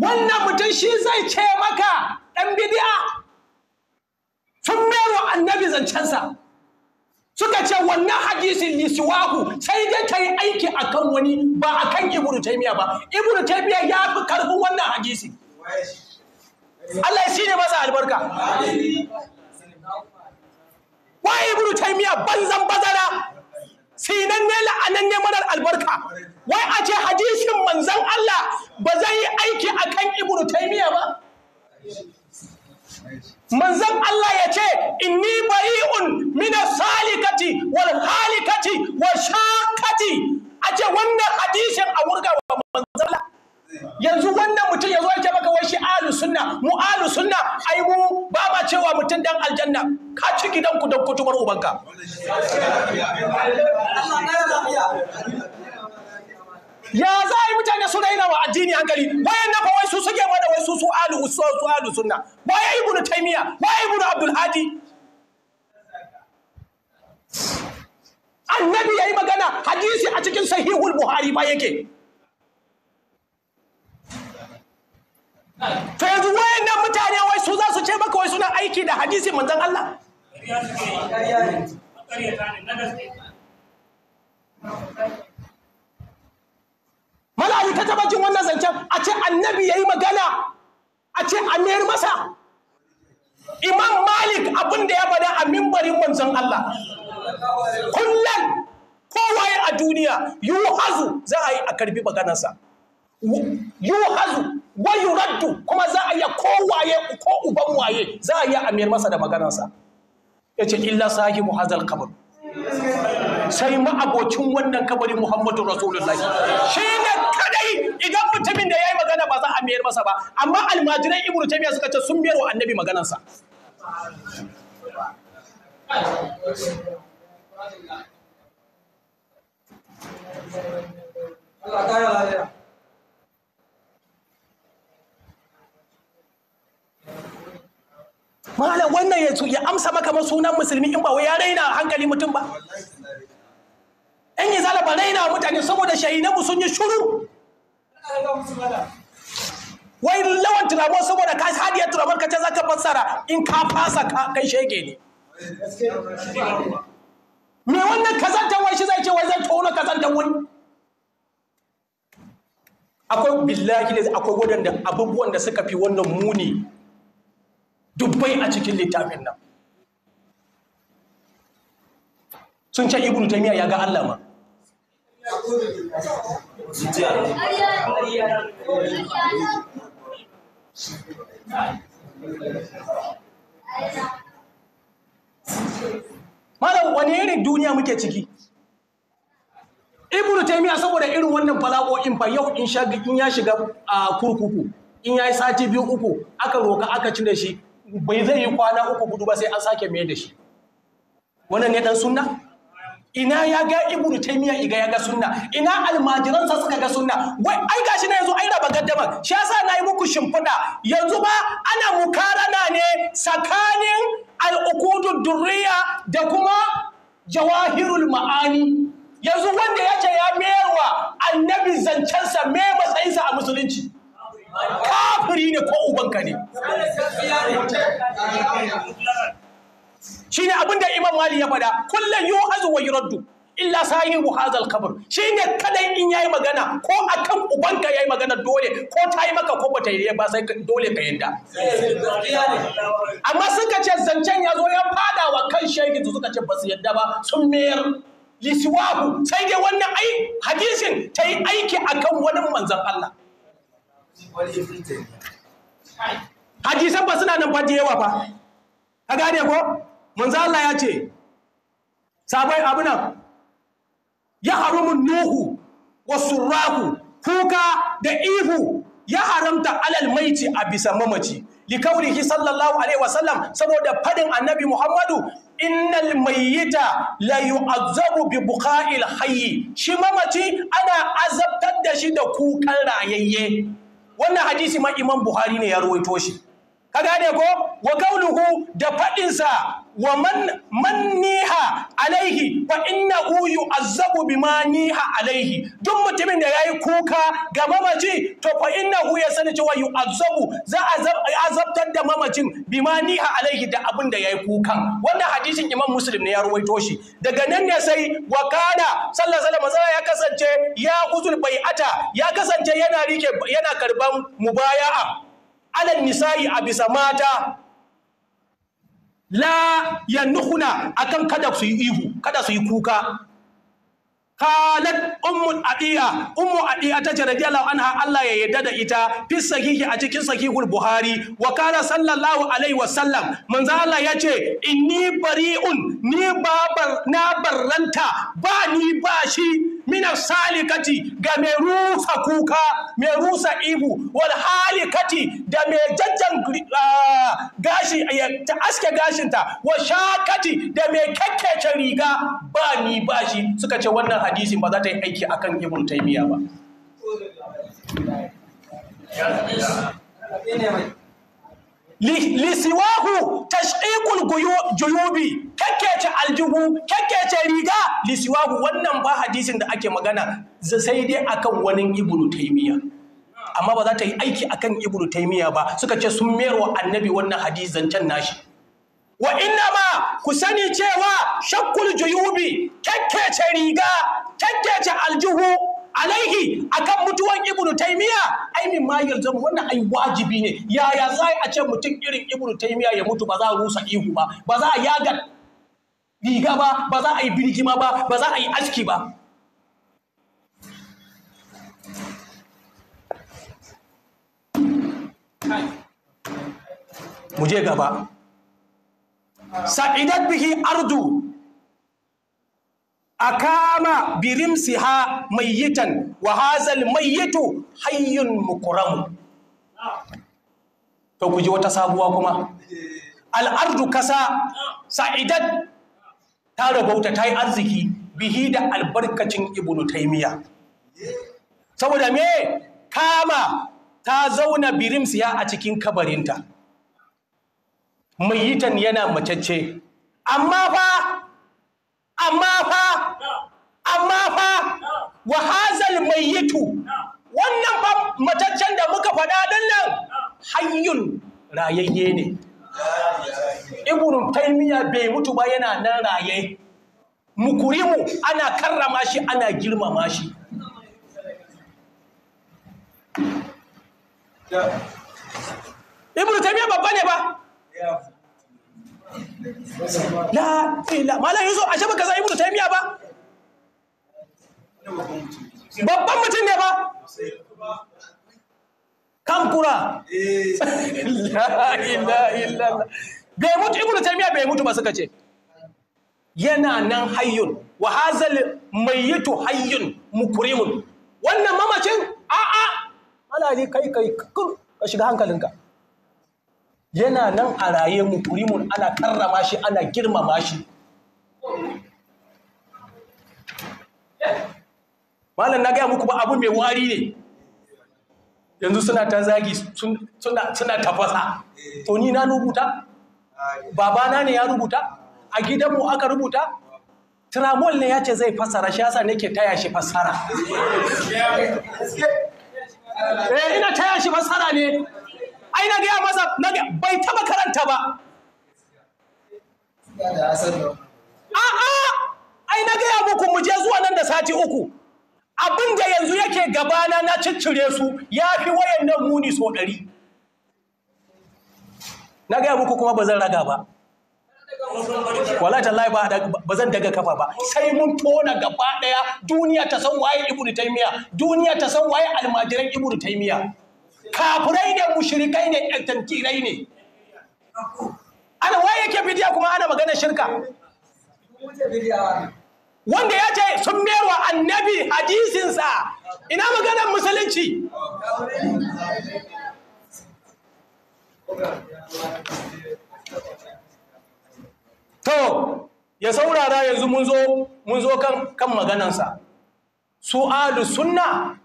wannan mutum shi zai ce maka dan bidiya sun mero annabi zancensa suka ce wannan hadisin liswahu sai dai ta yi aiki a kan wani ba a kan ibnu taimiya ba ibnu taimiya ya fi karfin wannan hadisin. Allah shi ne masa albarka wa ibnu taimiya banzan bazara sinan ne la'anan ne marar albarka wai a ce hadisin manzan Allah ba zai yi aiki a kan ibnu taimiya ba manzon Allah ya ce inni bari'un min salikati wal halikati wa shaqati a ce wannan hadisin a wurga wa Allah yanzu wannan mutum ya zo ya ce maka wai shi ahlu sunna mu ahlu sunna ai mu ba ma cewa mutum dan aljanna ka ci gidanku dan kutumar ubanka ya za a yi mutane su raina wa addini hankali bayan na wai su suke mana wai su su alu su su alu sunna waye ibnu taymiya waye ibnu abdul hadi annabi yi magana hadisi a cikin sahihul buhari ba yake to yanzu wayannan mutane wai su za su ce maka wai suna aiki da hadisi manzan Allah bala'u ta taba jin wannan zancen a ce annabi ya yi magana a ce a masa imam malik abin da ya bada a mimbarin manzon Allah kullum kowaye a duniya Hazu za a yi a karbi maganarsa Hazu wa raddu kuma za a yi kowaye ko uban waye za a yi a masa da maganarsa yace illa sahibu hazal qabr sai ma'abocin wannan kabari Muhammadu Rasulullah. shi ne kadai idan mutumin da ya yi magana ba za a mayar masa ba amma almajiran Ibn Taymiyyah suka ce sun mayar wa annabi maganarsa Malam wannan ya amsa maka sunan musulmi in ba wai ya raina hankali mutum ba. 'yan yi zalaba raina mutane saboda shahidanmu sun yi shuru wai lawan turabo saboda ka hadiyar turabar ka ce za ka fassara in ka fasa kai shege ne me wannan kazantar wai shi zai ce wai zai tono kazantar wani akwai billahi ne akwai waɗanda abubuwan da suka fi wannan muni dubbai a cikin littafin nan sun ce ibnu taymiya ya ga Allah ma Malam wani irin duniya muke ciki? Ibn Taymiyyah saboda irin wannan bala'o'in fa yau in ya shiga a kurkuku in yayi sati biyu uku aka roka aka cire shi bai zai yi kwana uku gudu ba sai an sake mai da shi. Wannan ne dan sunna? ina ya ga ibnu taymiya iga ya ga sunna ina almajiransa suka ga sunna wai ai gashi na yanzu ai raba gaddama shi yasa nayi muku shimfiɗa. yanzu ba ana mukarana ne tsakanin al durriya da kuma jawahirul ma'ani yanzu wanda ya ya mayarwa annabi zancensa me matsayinsa a musulunci kafiri ne ko ubanka ne shine abin da Imam Mali ya faɗa kullun yu'azu wa yuraddu illa sahibu hazal kabr shine kadai in yayi magana ko akan ubanka yayi magana dole ko ta yi maka ko bata yi ba sai dole ka yadda amma suka ce zancen ya zo ya fada wa kan shehi suka ce ba su yadda ba sun mayar lisiwahu sai dai wannan ai hadisin ta yi aiki akan wani manzan Allah hadisan ba suna nan ba da yawa ba. ka gane ko manzo Allah ya ce sabai abuna ya harumun nuhu wa surraku kuka da ihu ya haramta alal maiti a bisa mamaci likaurihi sallallahu alaihi wasallam saboda fadin annabi muhammadu innal mayyita la yu'azzabu bi buqa'il hayyi. shi mamaci ana azabtar da shi da kukan rayayye wannan hadisi ma imam buhari ne ya rawaito shi ka gane ko wa kauluhu da faɗinsa wa man manniha alaihi alaihi inna hu yu'azzabu bima niha alaihi duk mutumin da yayi kuka ga mamaci to fa innahu ya sani cewa yu'azzabu za a azabtar da mamacin bima niha alaihi da abin da yayi kukan wannan hadisin Imam Muslim ne ya ruwaito shi daga nan ne sai wa kana sallallahu alaihi wasallam ya kasance ya uzul bai'ata ya kasance yana rike yana karban mubaya'a alal nisa'i a bisa mata la yanuhuna akan kada su yi ihu kada su yi kuka qalat ummu adiya ummu adiya ta ce radiyallahu anha Allah ya yarda da ita fi sahihi a cikin sahihul buhari wa kana sallallahu alaihi wa sallam manzo Allah ya ce inni bari'un ni babar na barranta ba ni ba shi mina salikati ga mai rusa kuka mai rusa ihu wal halikati da mai jajjan ah, gashi ta aske gashinta wa shakati da mai kakkece riga ba ni ba shi suka ce wannan hadisin ba za ta yi aiki akan ibn taymiya ba lisiwahu tashqiqul juyubi kakkece aljihu kakkece riga lisiwahu wannan ba hadisin da ake magana sai dai akan wani ibnu taymiya amma ba za ta yi aiki akan ibnu taymiya ba suka ce sun wa annabi wannan hadisin zancen nashi wa ma ku sani cewa shakkul juyubi kakkece riga kakkece aljihu alaihi akan mutuwan ibnu taymiya ai min ma yalzamu wannan ai wajibi ne yaya za a ce mutum irin ibnu taymiya ya mutu ba za a rusa ihu ba ba za a yaga riga ba ba za a yi birgima ba ba za a yi aski ba mu je gaba sa'idat bihi ardu A kama birim akama birimsiha mayyitan wa hazal mayyitu hayyun mukuram to ku ji wata sabuwa kuma al'ardu kasa sa'idat ta rabauta ta yi arziki bihi da albarkacin ibnu taimiya saboda me kama ta zauna birim birimsiya a cikin kabarinta Mai tan yana macece amma fa amma fa amma fa wa hazal mayitu wannan fa mataccen da muka faɗa din nan hayyun rayayye ne ibnu taymiya bai mutu ba yana nan raye mukurimu ana karrama shi ana girmama shi ibnu taymiya babba ne ba la ila malam yusuf ashe baka san ibnu taymiya ba babban mutum ne ba kan kura bai mutu ibnu taymiya bai mutu ba suka ce yana nan hayyun wa hazal mayyitu hayyun mukrimun wannan mamacin a'a malali kai kai ka shiga hankalinka yana nan a raye mu kurimun ana karrama shi ana girmama shi malam na gaya muku ba abu mai wari ne yanzu suna ta zagi suna tafasa to ni na rubuta babana ne ya rubuta a gidanmu aka rubuta tramol ne ya ce zai fasara shi yasa nake taya shi fasara eh ina taya shi fasara ne ai na gaya masa bai taba karanta ba a'a ai na gaya muku mu je zuwa nan da sati uku abin da yanzu yake gabana na ciccire su ya fi wayannan muni so ɗari na gaya muku kuma ba zan raga ba wala lai ba ba zan daga kafa ba sai mun tona gaba daya duniya ta san waye ibnu taymiya duniya ta san waye almajiran ibnu taymiya kafurai ne mushrikai ne tantirai ne ana waye yake bidiya kuma ana magana shirka wanda ya ce sun mewa annabi hadisinsa ina maganar musulunci to ya saurara yanzu mun zo kan, kan maganansa su sunna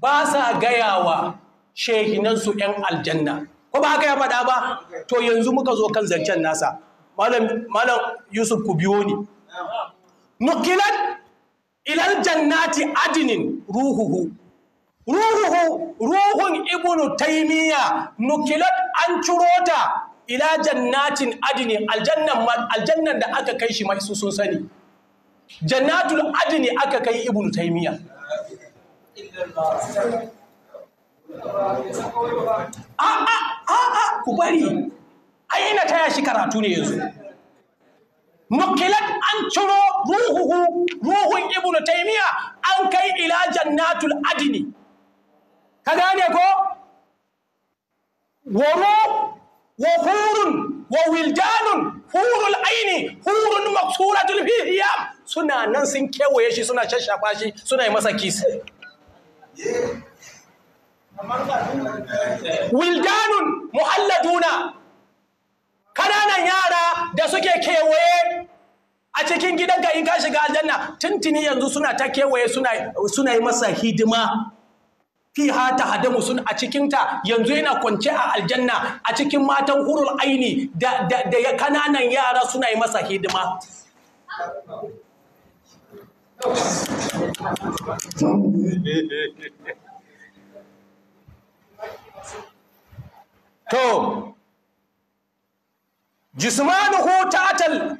ba sa gayawa shehinansu ‘yan aljanna ko ba haka ya faɗa ba to yanzu muka zo kan zancen nasa malam yusuf ku biyo ni nukilan ilal jannati adinin ruhuhu ruhuhu ruhun ibnu taimiyya nukilat an ciro ta ila jannatin adini aljannan da aka kai shi mai su sun sani jannatul adini aka kai ibnu taimiyya a'a ku bari ai ina taya shi karatu ne yanzu Mukilat an ciro ruhuhu ruhun ibnu taymiya an kai ila jannatul adini ka gane ko waro wa hurun wa wildanun hurul aini hurun maksuratul fihiyam suna nan sun kewaye shi suna shashafa shi suna yi masa kisa wildanun muhalladuna kananan yara da suke kewaye a cikin gidanka in ka shiga aljanna tuntuni yanzu suna ta kewaye suna yi masa hidima fi hata hadamu sun a cikinta yanzu yana kwance a aljanna a cikin matan hurul aini da kananan yara suna yi masa hidima to jismanuhu ta'atal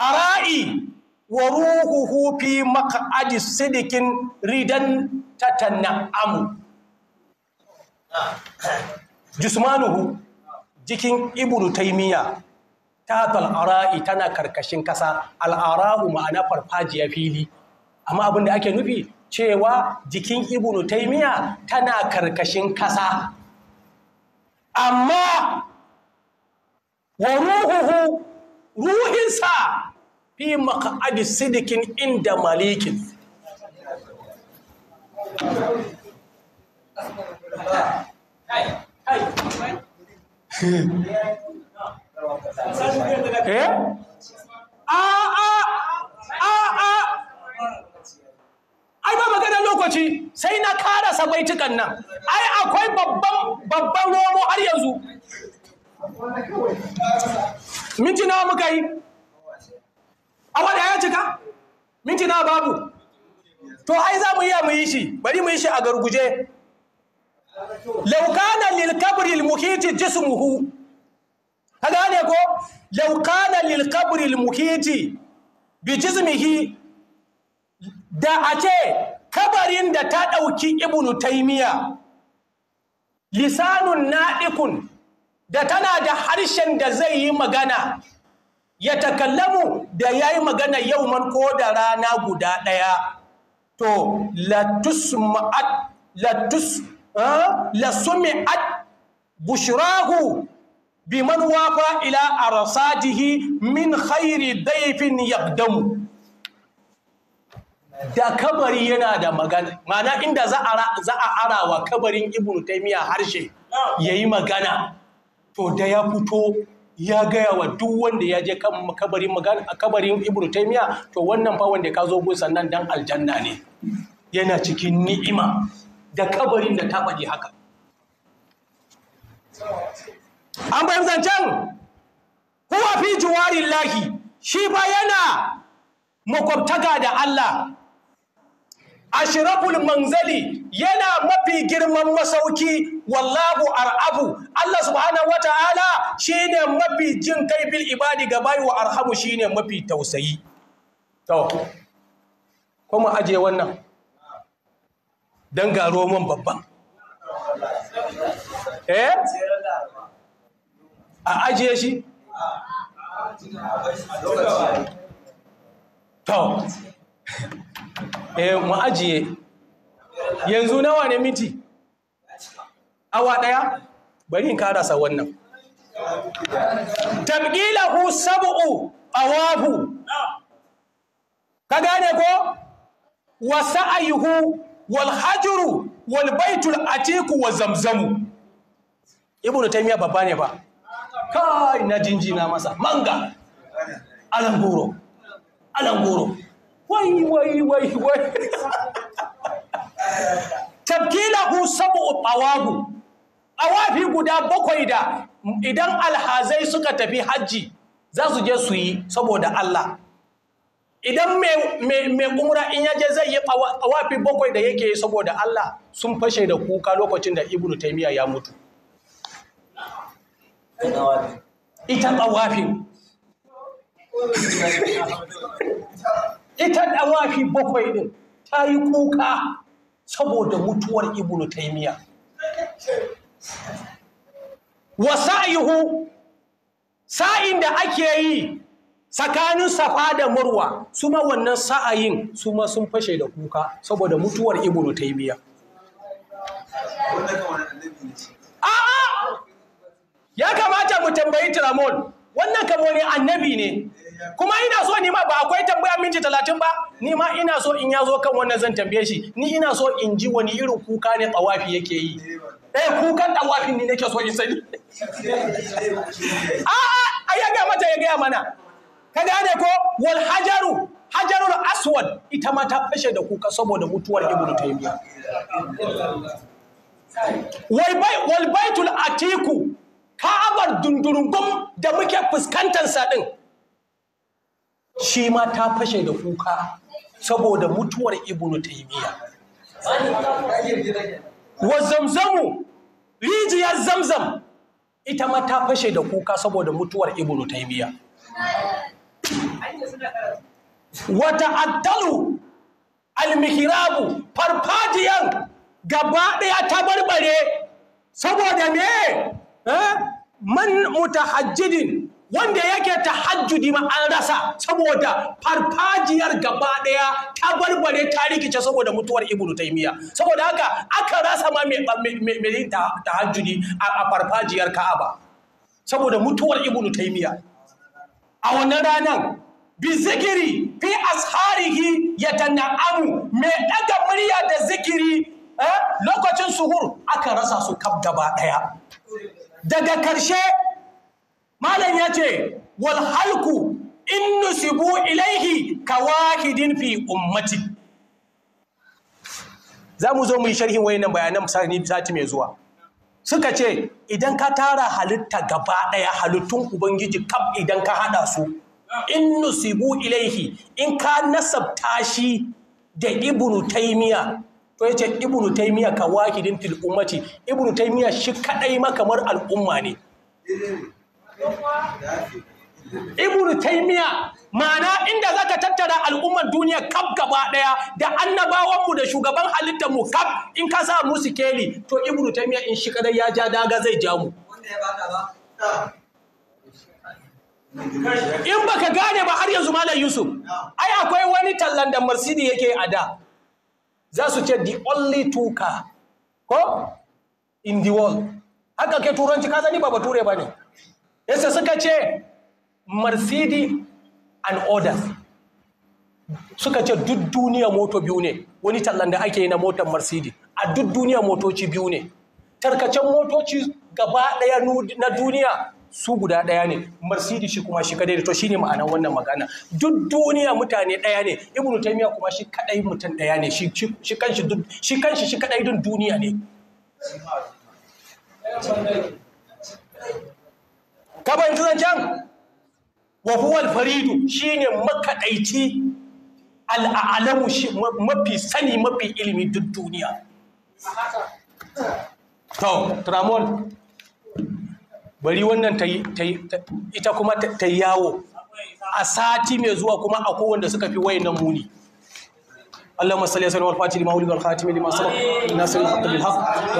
ara'i wa ruhuhu fi maq'adi sidikin ridan Jismanu jismanuhu jikin ibnu taymiya tatal ara'i tana karkashin kasa al'ara'u ma'ana farfajiya fili amma abin da ake nufi cewa jikin ibnu taymiya tana karkashin kasa amma wa ruhuhu ruhinsa fi maka'adi sidikin inda malikin a a a a ai ba magana lokaci sai na karasa baitukan nan ai akwai babban babban romo har yanzu minti nawa muka yi a da ya cika minti nawa babu to ai za mu iya mu yi shi bari mu yi shi a garguje laukana lilkabril muhiti jismuhu ka gane ko laukana lilkabril muhiti bi jismihi da a ce kabarin da ta ɗauki ibnu taimiya lisanun na'ikun da tana da harshen da zai yi magana ya takallamu da ya yi magana yau man ko da rana guda ɗaya to latusma'at latus lasumi'at bushrahu man wafa ila arasatihi min khairi daifin yaqdamu da kabari yana da magana mana inda za a ara wa kabarin ibn taimiya harshe ya yi magana to da ya fito ya gaya wa duk wanda ya je kan kabarin magana a kabarin ibn taimiya to wannan fa wanda ka zo gun sannan dan aljanna ne yana cikin ni'ima da kabarin da ta faɗi haka an bayan zancen huwa fi lahi, shi ba yana makwabtaka da Allah ashraful manzali yana mafi girman masauki wallahu arabu Allah subhanahu wataala shine mafi jin kaifin ibadi ga bayi wa arhamu shine mafi tausayi to kuma aje wannan dan ga roman babban eh a ajiye shi to eh mu ajiye yanzu nawa ne miti awa daya bari in karasa wannan tabqilahu sab'u awahu ka gane ko wa sa'ayuhu wal hajru wal baitul atiku wa zamzamu ibnu taymiya babba ne ba kai na jinjina masa manga alanguro alanguro wai wai wai wai tabkilahu sab'u tawahu awafi guda bakwai da idan alhazai suka tafi hajji za su je su yi saboda Allah idan mai umra in yaje zai yi awafi bakwai da yake yi saboda Allah sun fashe da kuka lokacin da ibnu taymiya ya mutu ita tawafin ita ɗawafi bakwai din ta yi kuka saboda mutuwar ibnu taimiya wa sa'ihu sa'in da ake yi tsakanin safa da murwa su ma wannan sa'ayin su ma sun fashe da kuka saboda mutuwar ibnu taymiya a'a ya kamata mu tambayi tiramol wannan kamar annabi ne kuma ina so ni ma ba akwai tambaya minti talatin ba ni ma ina so in ya zo kan wannan zan tambaye shi ni ina so in ji wani irin kuka ne tsawafi yake yi eh kukan tsawafi ni nake so in sani a'a ya ga mata ya gaya mana ka gane ko wal hajaru hajarul aswad ita ma ta fashe da kuka saboda mutuwar ibnu taymiya wal baitul atiku abar dundurungum da muke fuskantar sa din shi ma ta fashe da kuka saboda mutuwar ibnu taymiya wa zamzamu rijiyar zamzam ita ma ta fashe da kuka saboda mutuwar ibnu taymiya wata ta'addalu al-mihrabu gaba ɗaya ta barbare saboda me eh, man mutahajjidin wanda yake tahajjudi ma an rasa saboda farfajiyar gaba daya ta barbare ta rikice saboda mutuwar ibnu taymiya saboda haka aka rasa ma mai ta tahajjudi a farfajiyar ka'aba saboda mutuwar ibnu taymiya a wannan ranar bizikiri fi asharihi yatana'amu mai daga murya da zikiri eh, lokacin suhur aka rasa su kaf gaba daya daga karshe malam ya ce wal halku in nusibu ilaihi kawahidin fi ummati za mu zo mu yi sharhin wayannan bayanan sani sati mai zuwa suka ce idan ka tara halitta gaba daya halittun ubangiji kaf idan ka hada su in nusibu ilaihi in ka nasabta shi da ibnu taymiya to yace ibnu taymiya kawahidin fil ummati ibnu taymiya shi kadai makamar al'umma ne ibnu taymiya ma'ana inda zaka tattara al'ummar duniya kaf gaba daya da annabawanmu da shugaban halittar mu kaf in ka sa musu keli to ibnu taymiya in shi kadai ya ja daga zai ja mu in baka gane ba har yanzu malam yusuf ai akwai wani tallan da marsidi yake a da za su ce the only two car ko in the world haka ke turanci ka sani ba bature ba ne yasa suka ce marsidi and odas suka ce duk duniya moto biyu ne wani tallan da ake yi na motar marsidi a duk duniya motoci biyu ne tarkacen motoci gaba ɗaya na duniya su guda ɗaya ne marsidi shi kuma shi kadai to shine ma'anar wannan magana duk duniya mutane ɗaya ne ibnu taymiya kuma shi kadai mutum ɗaya ne shi shi kanshi shi kanshi shi kadai duniya ne ka fahimci zancen wa huwal faridu shine al'amu al'alamu mafi sani mafi ilimi duk duniya to tramol bari wannan ita kuma ta yawo a sati mai zuwa kuma a kowanda suka fi nan muni اللهم صل وسلم على الفاتح لما ولد والخاتم لما سبق الناس الحق بالحق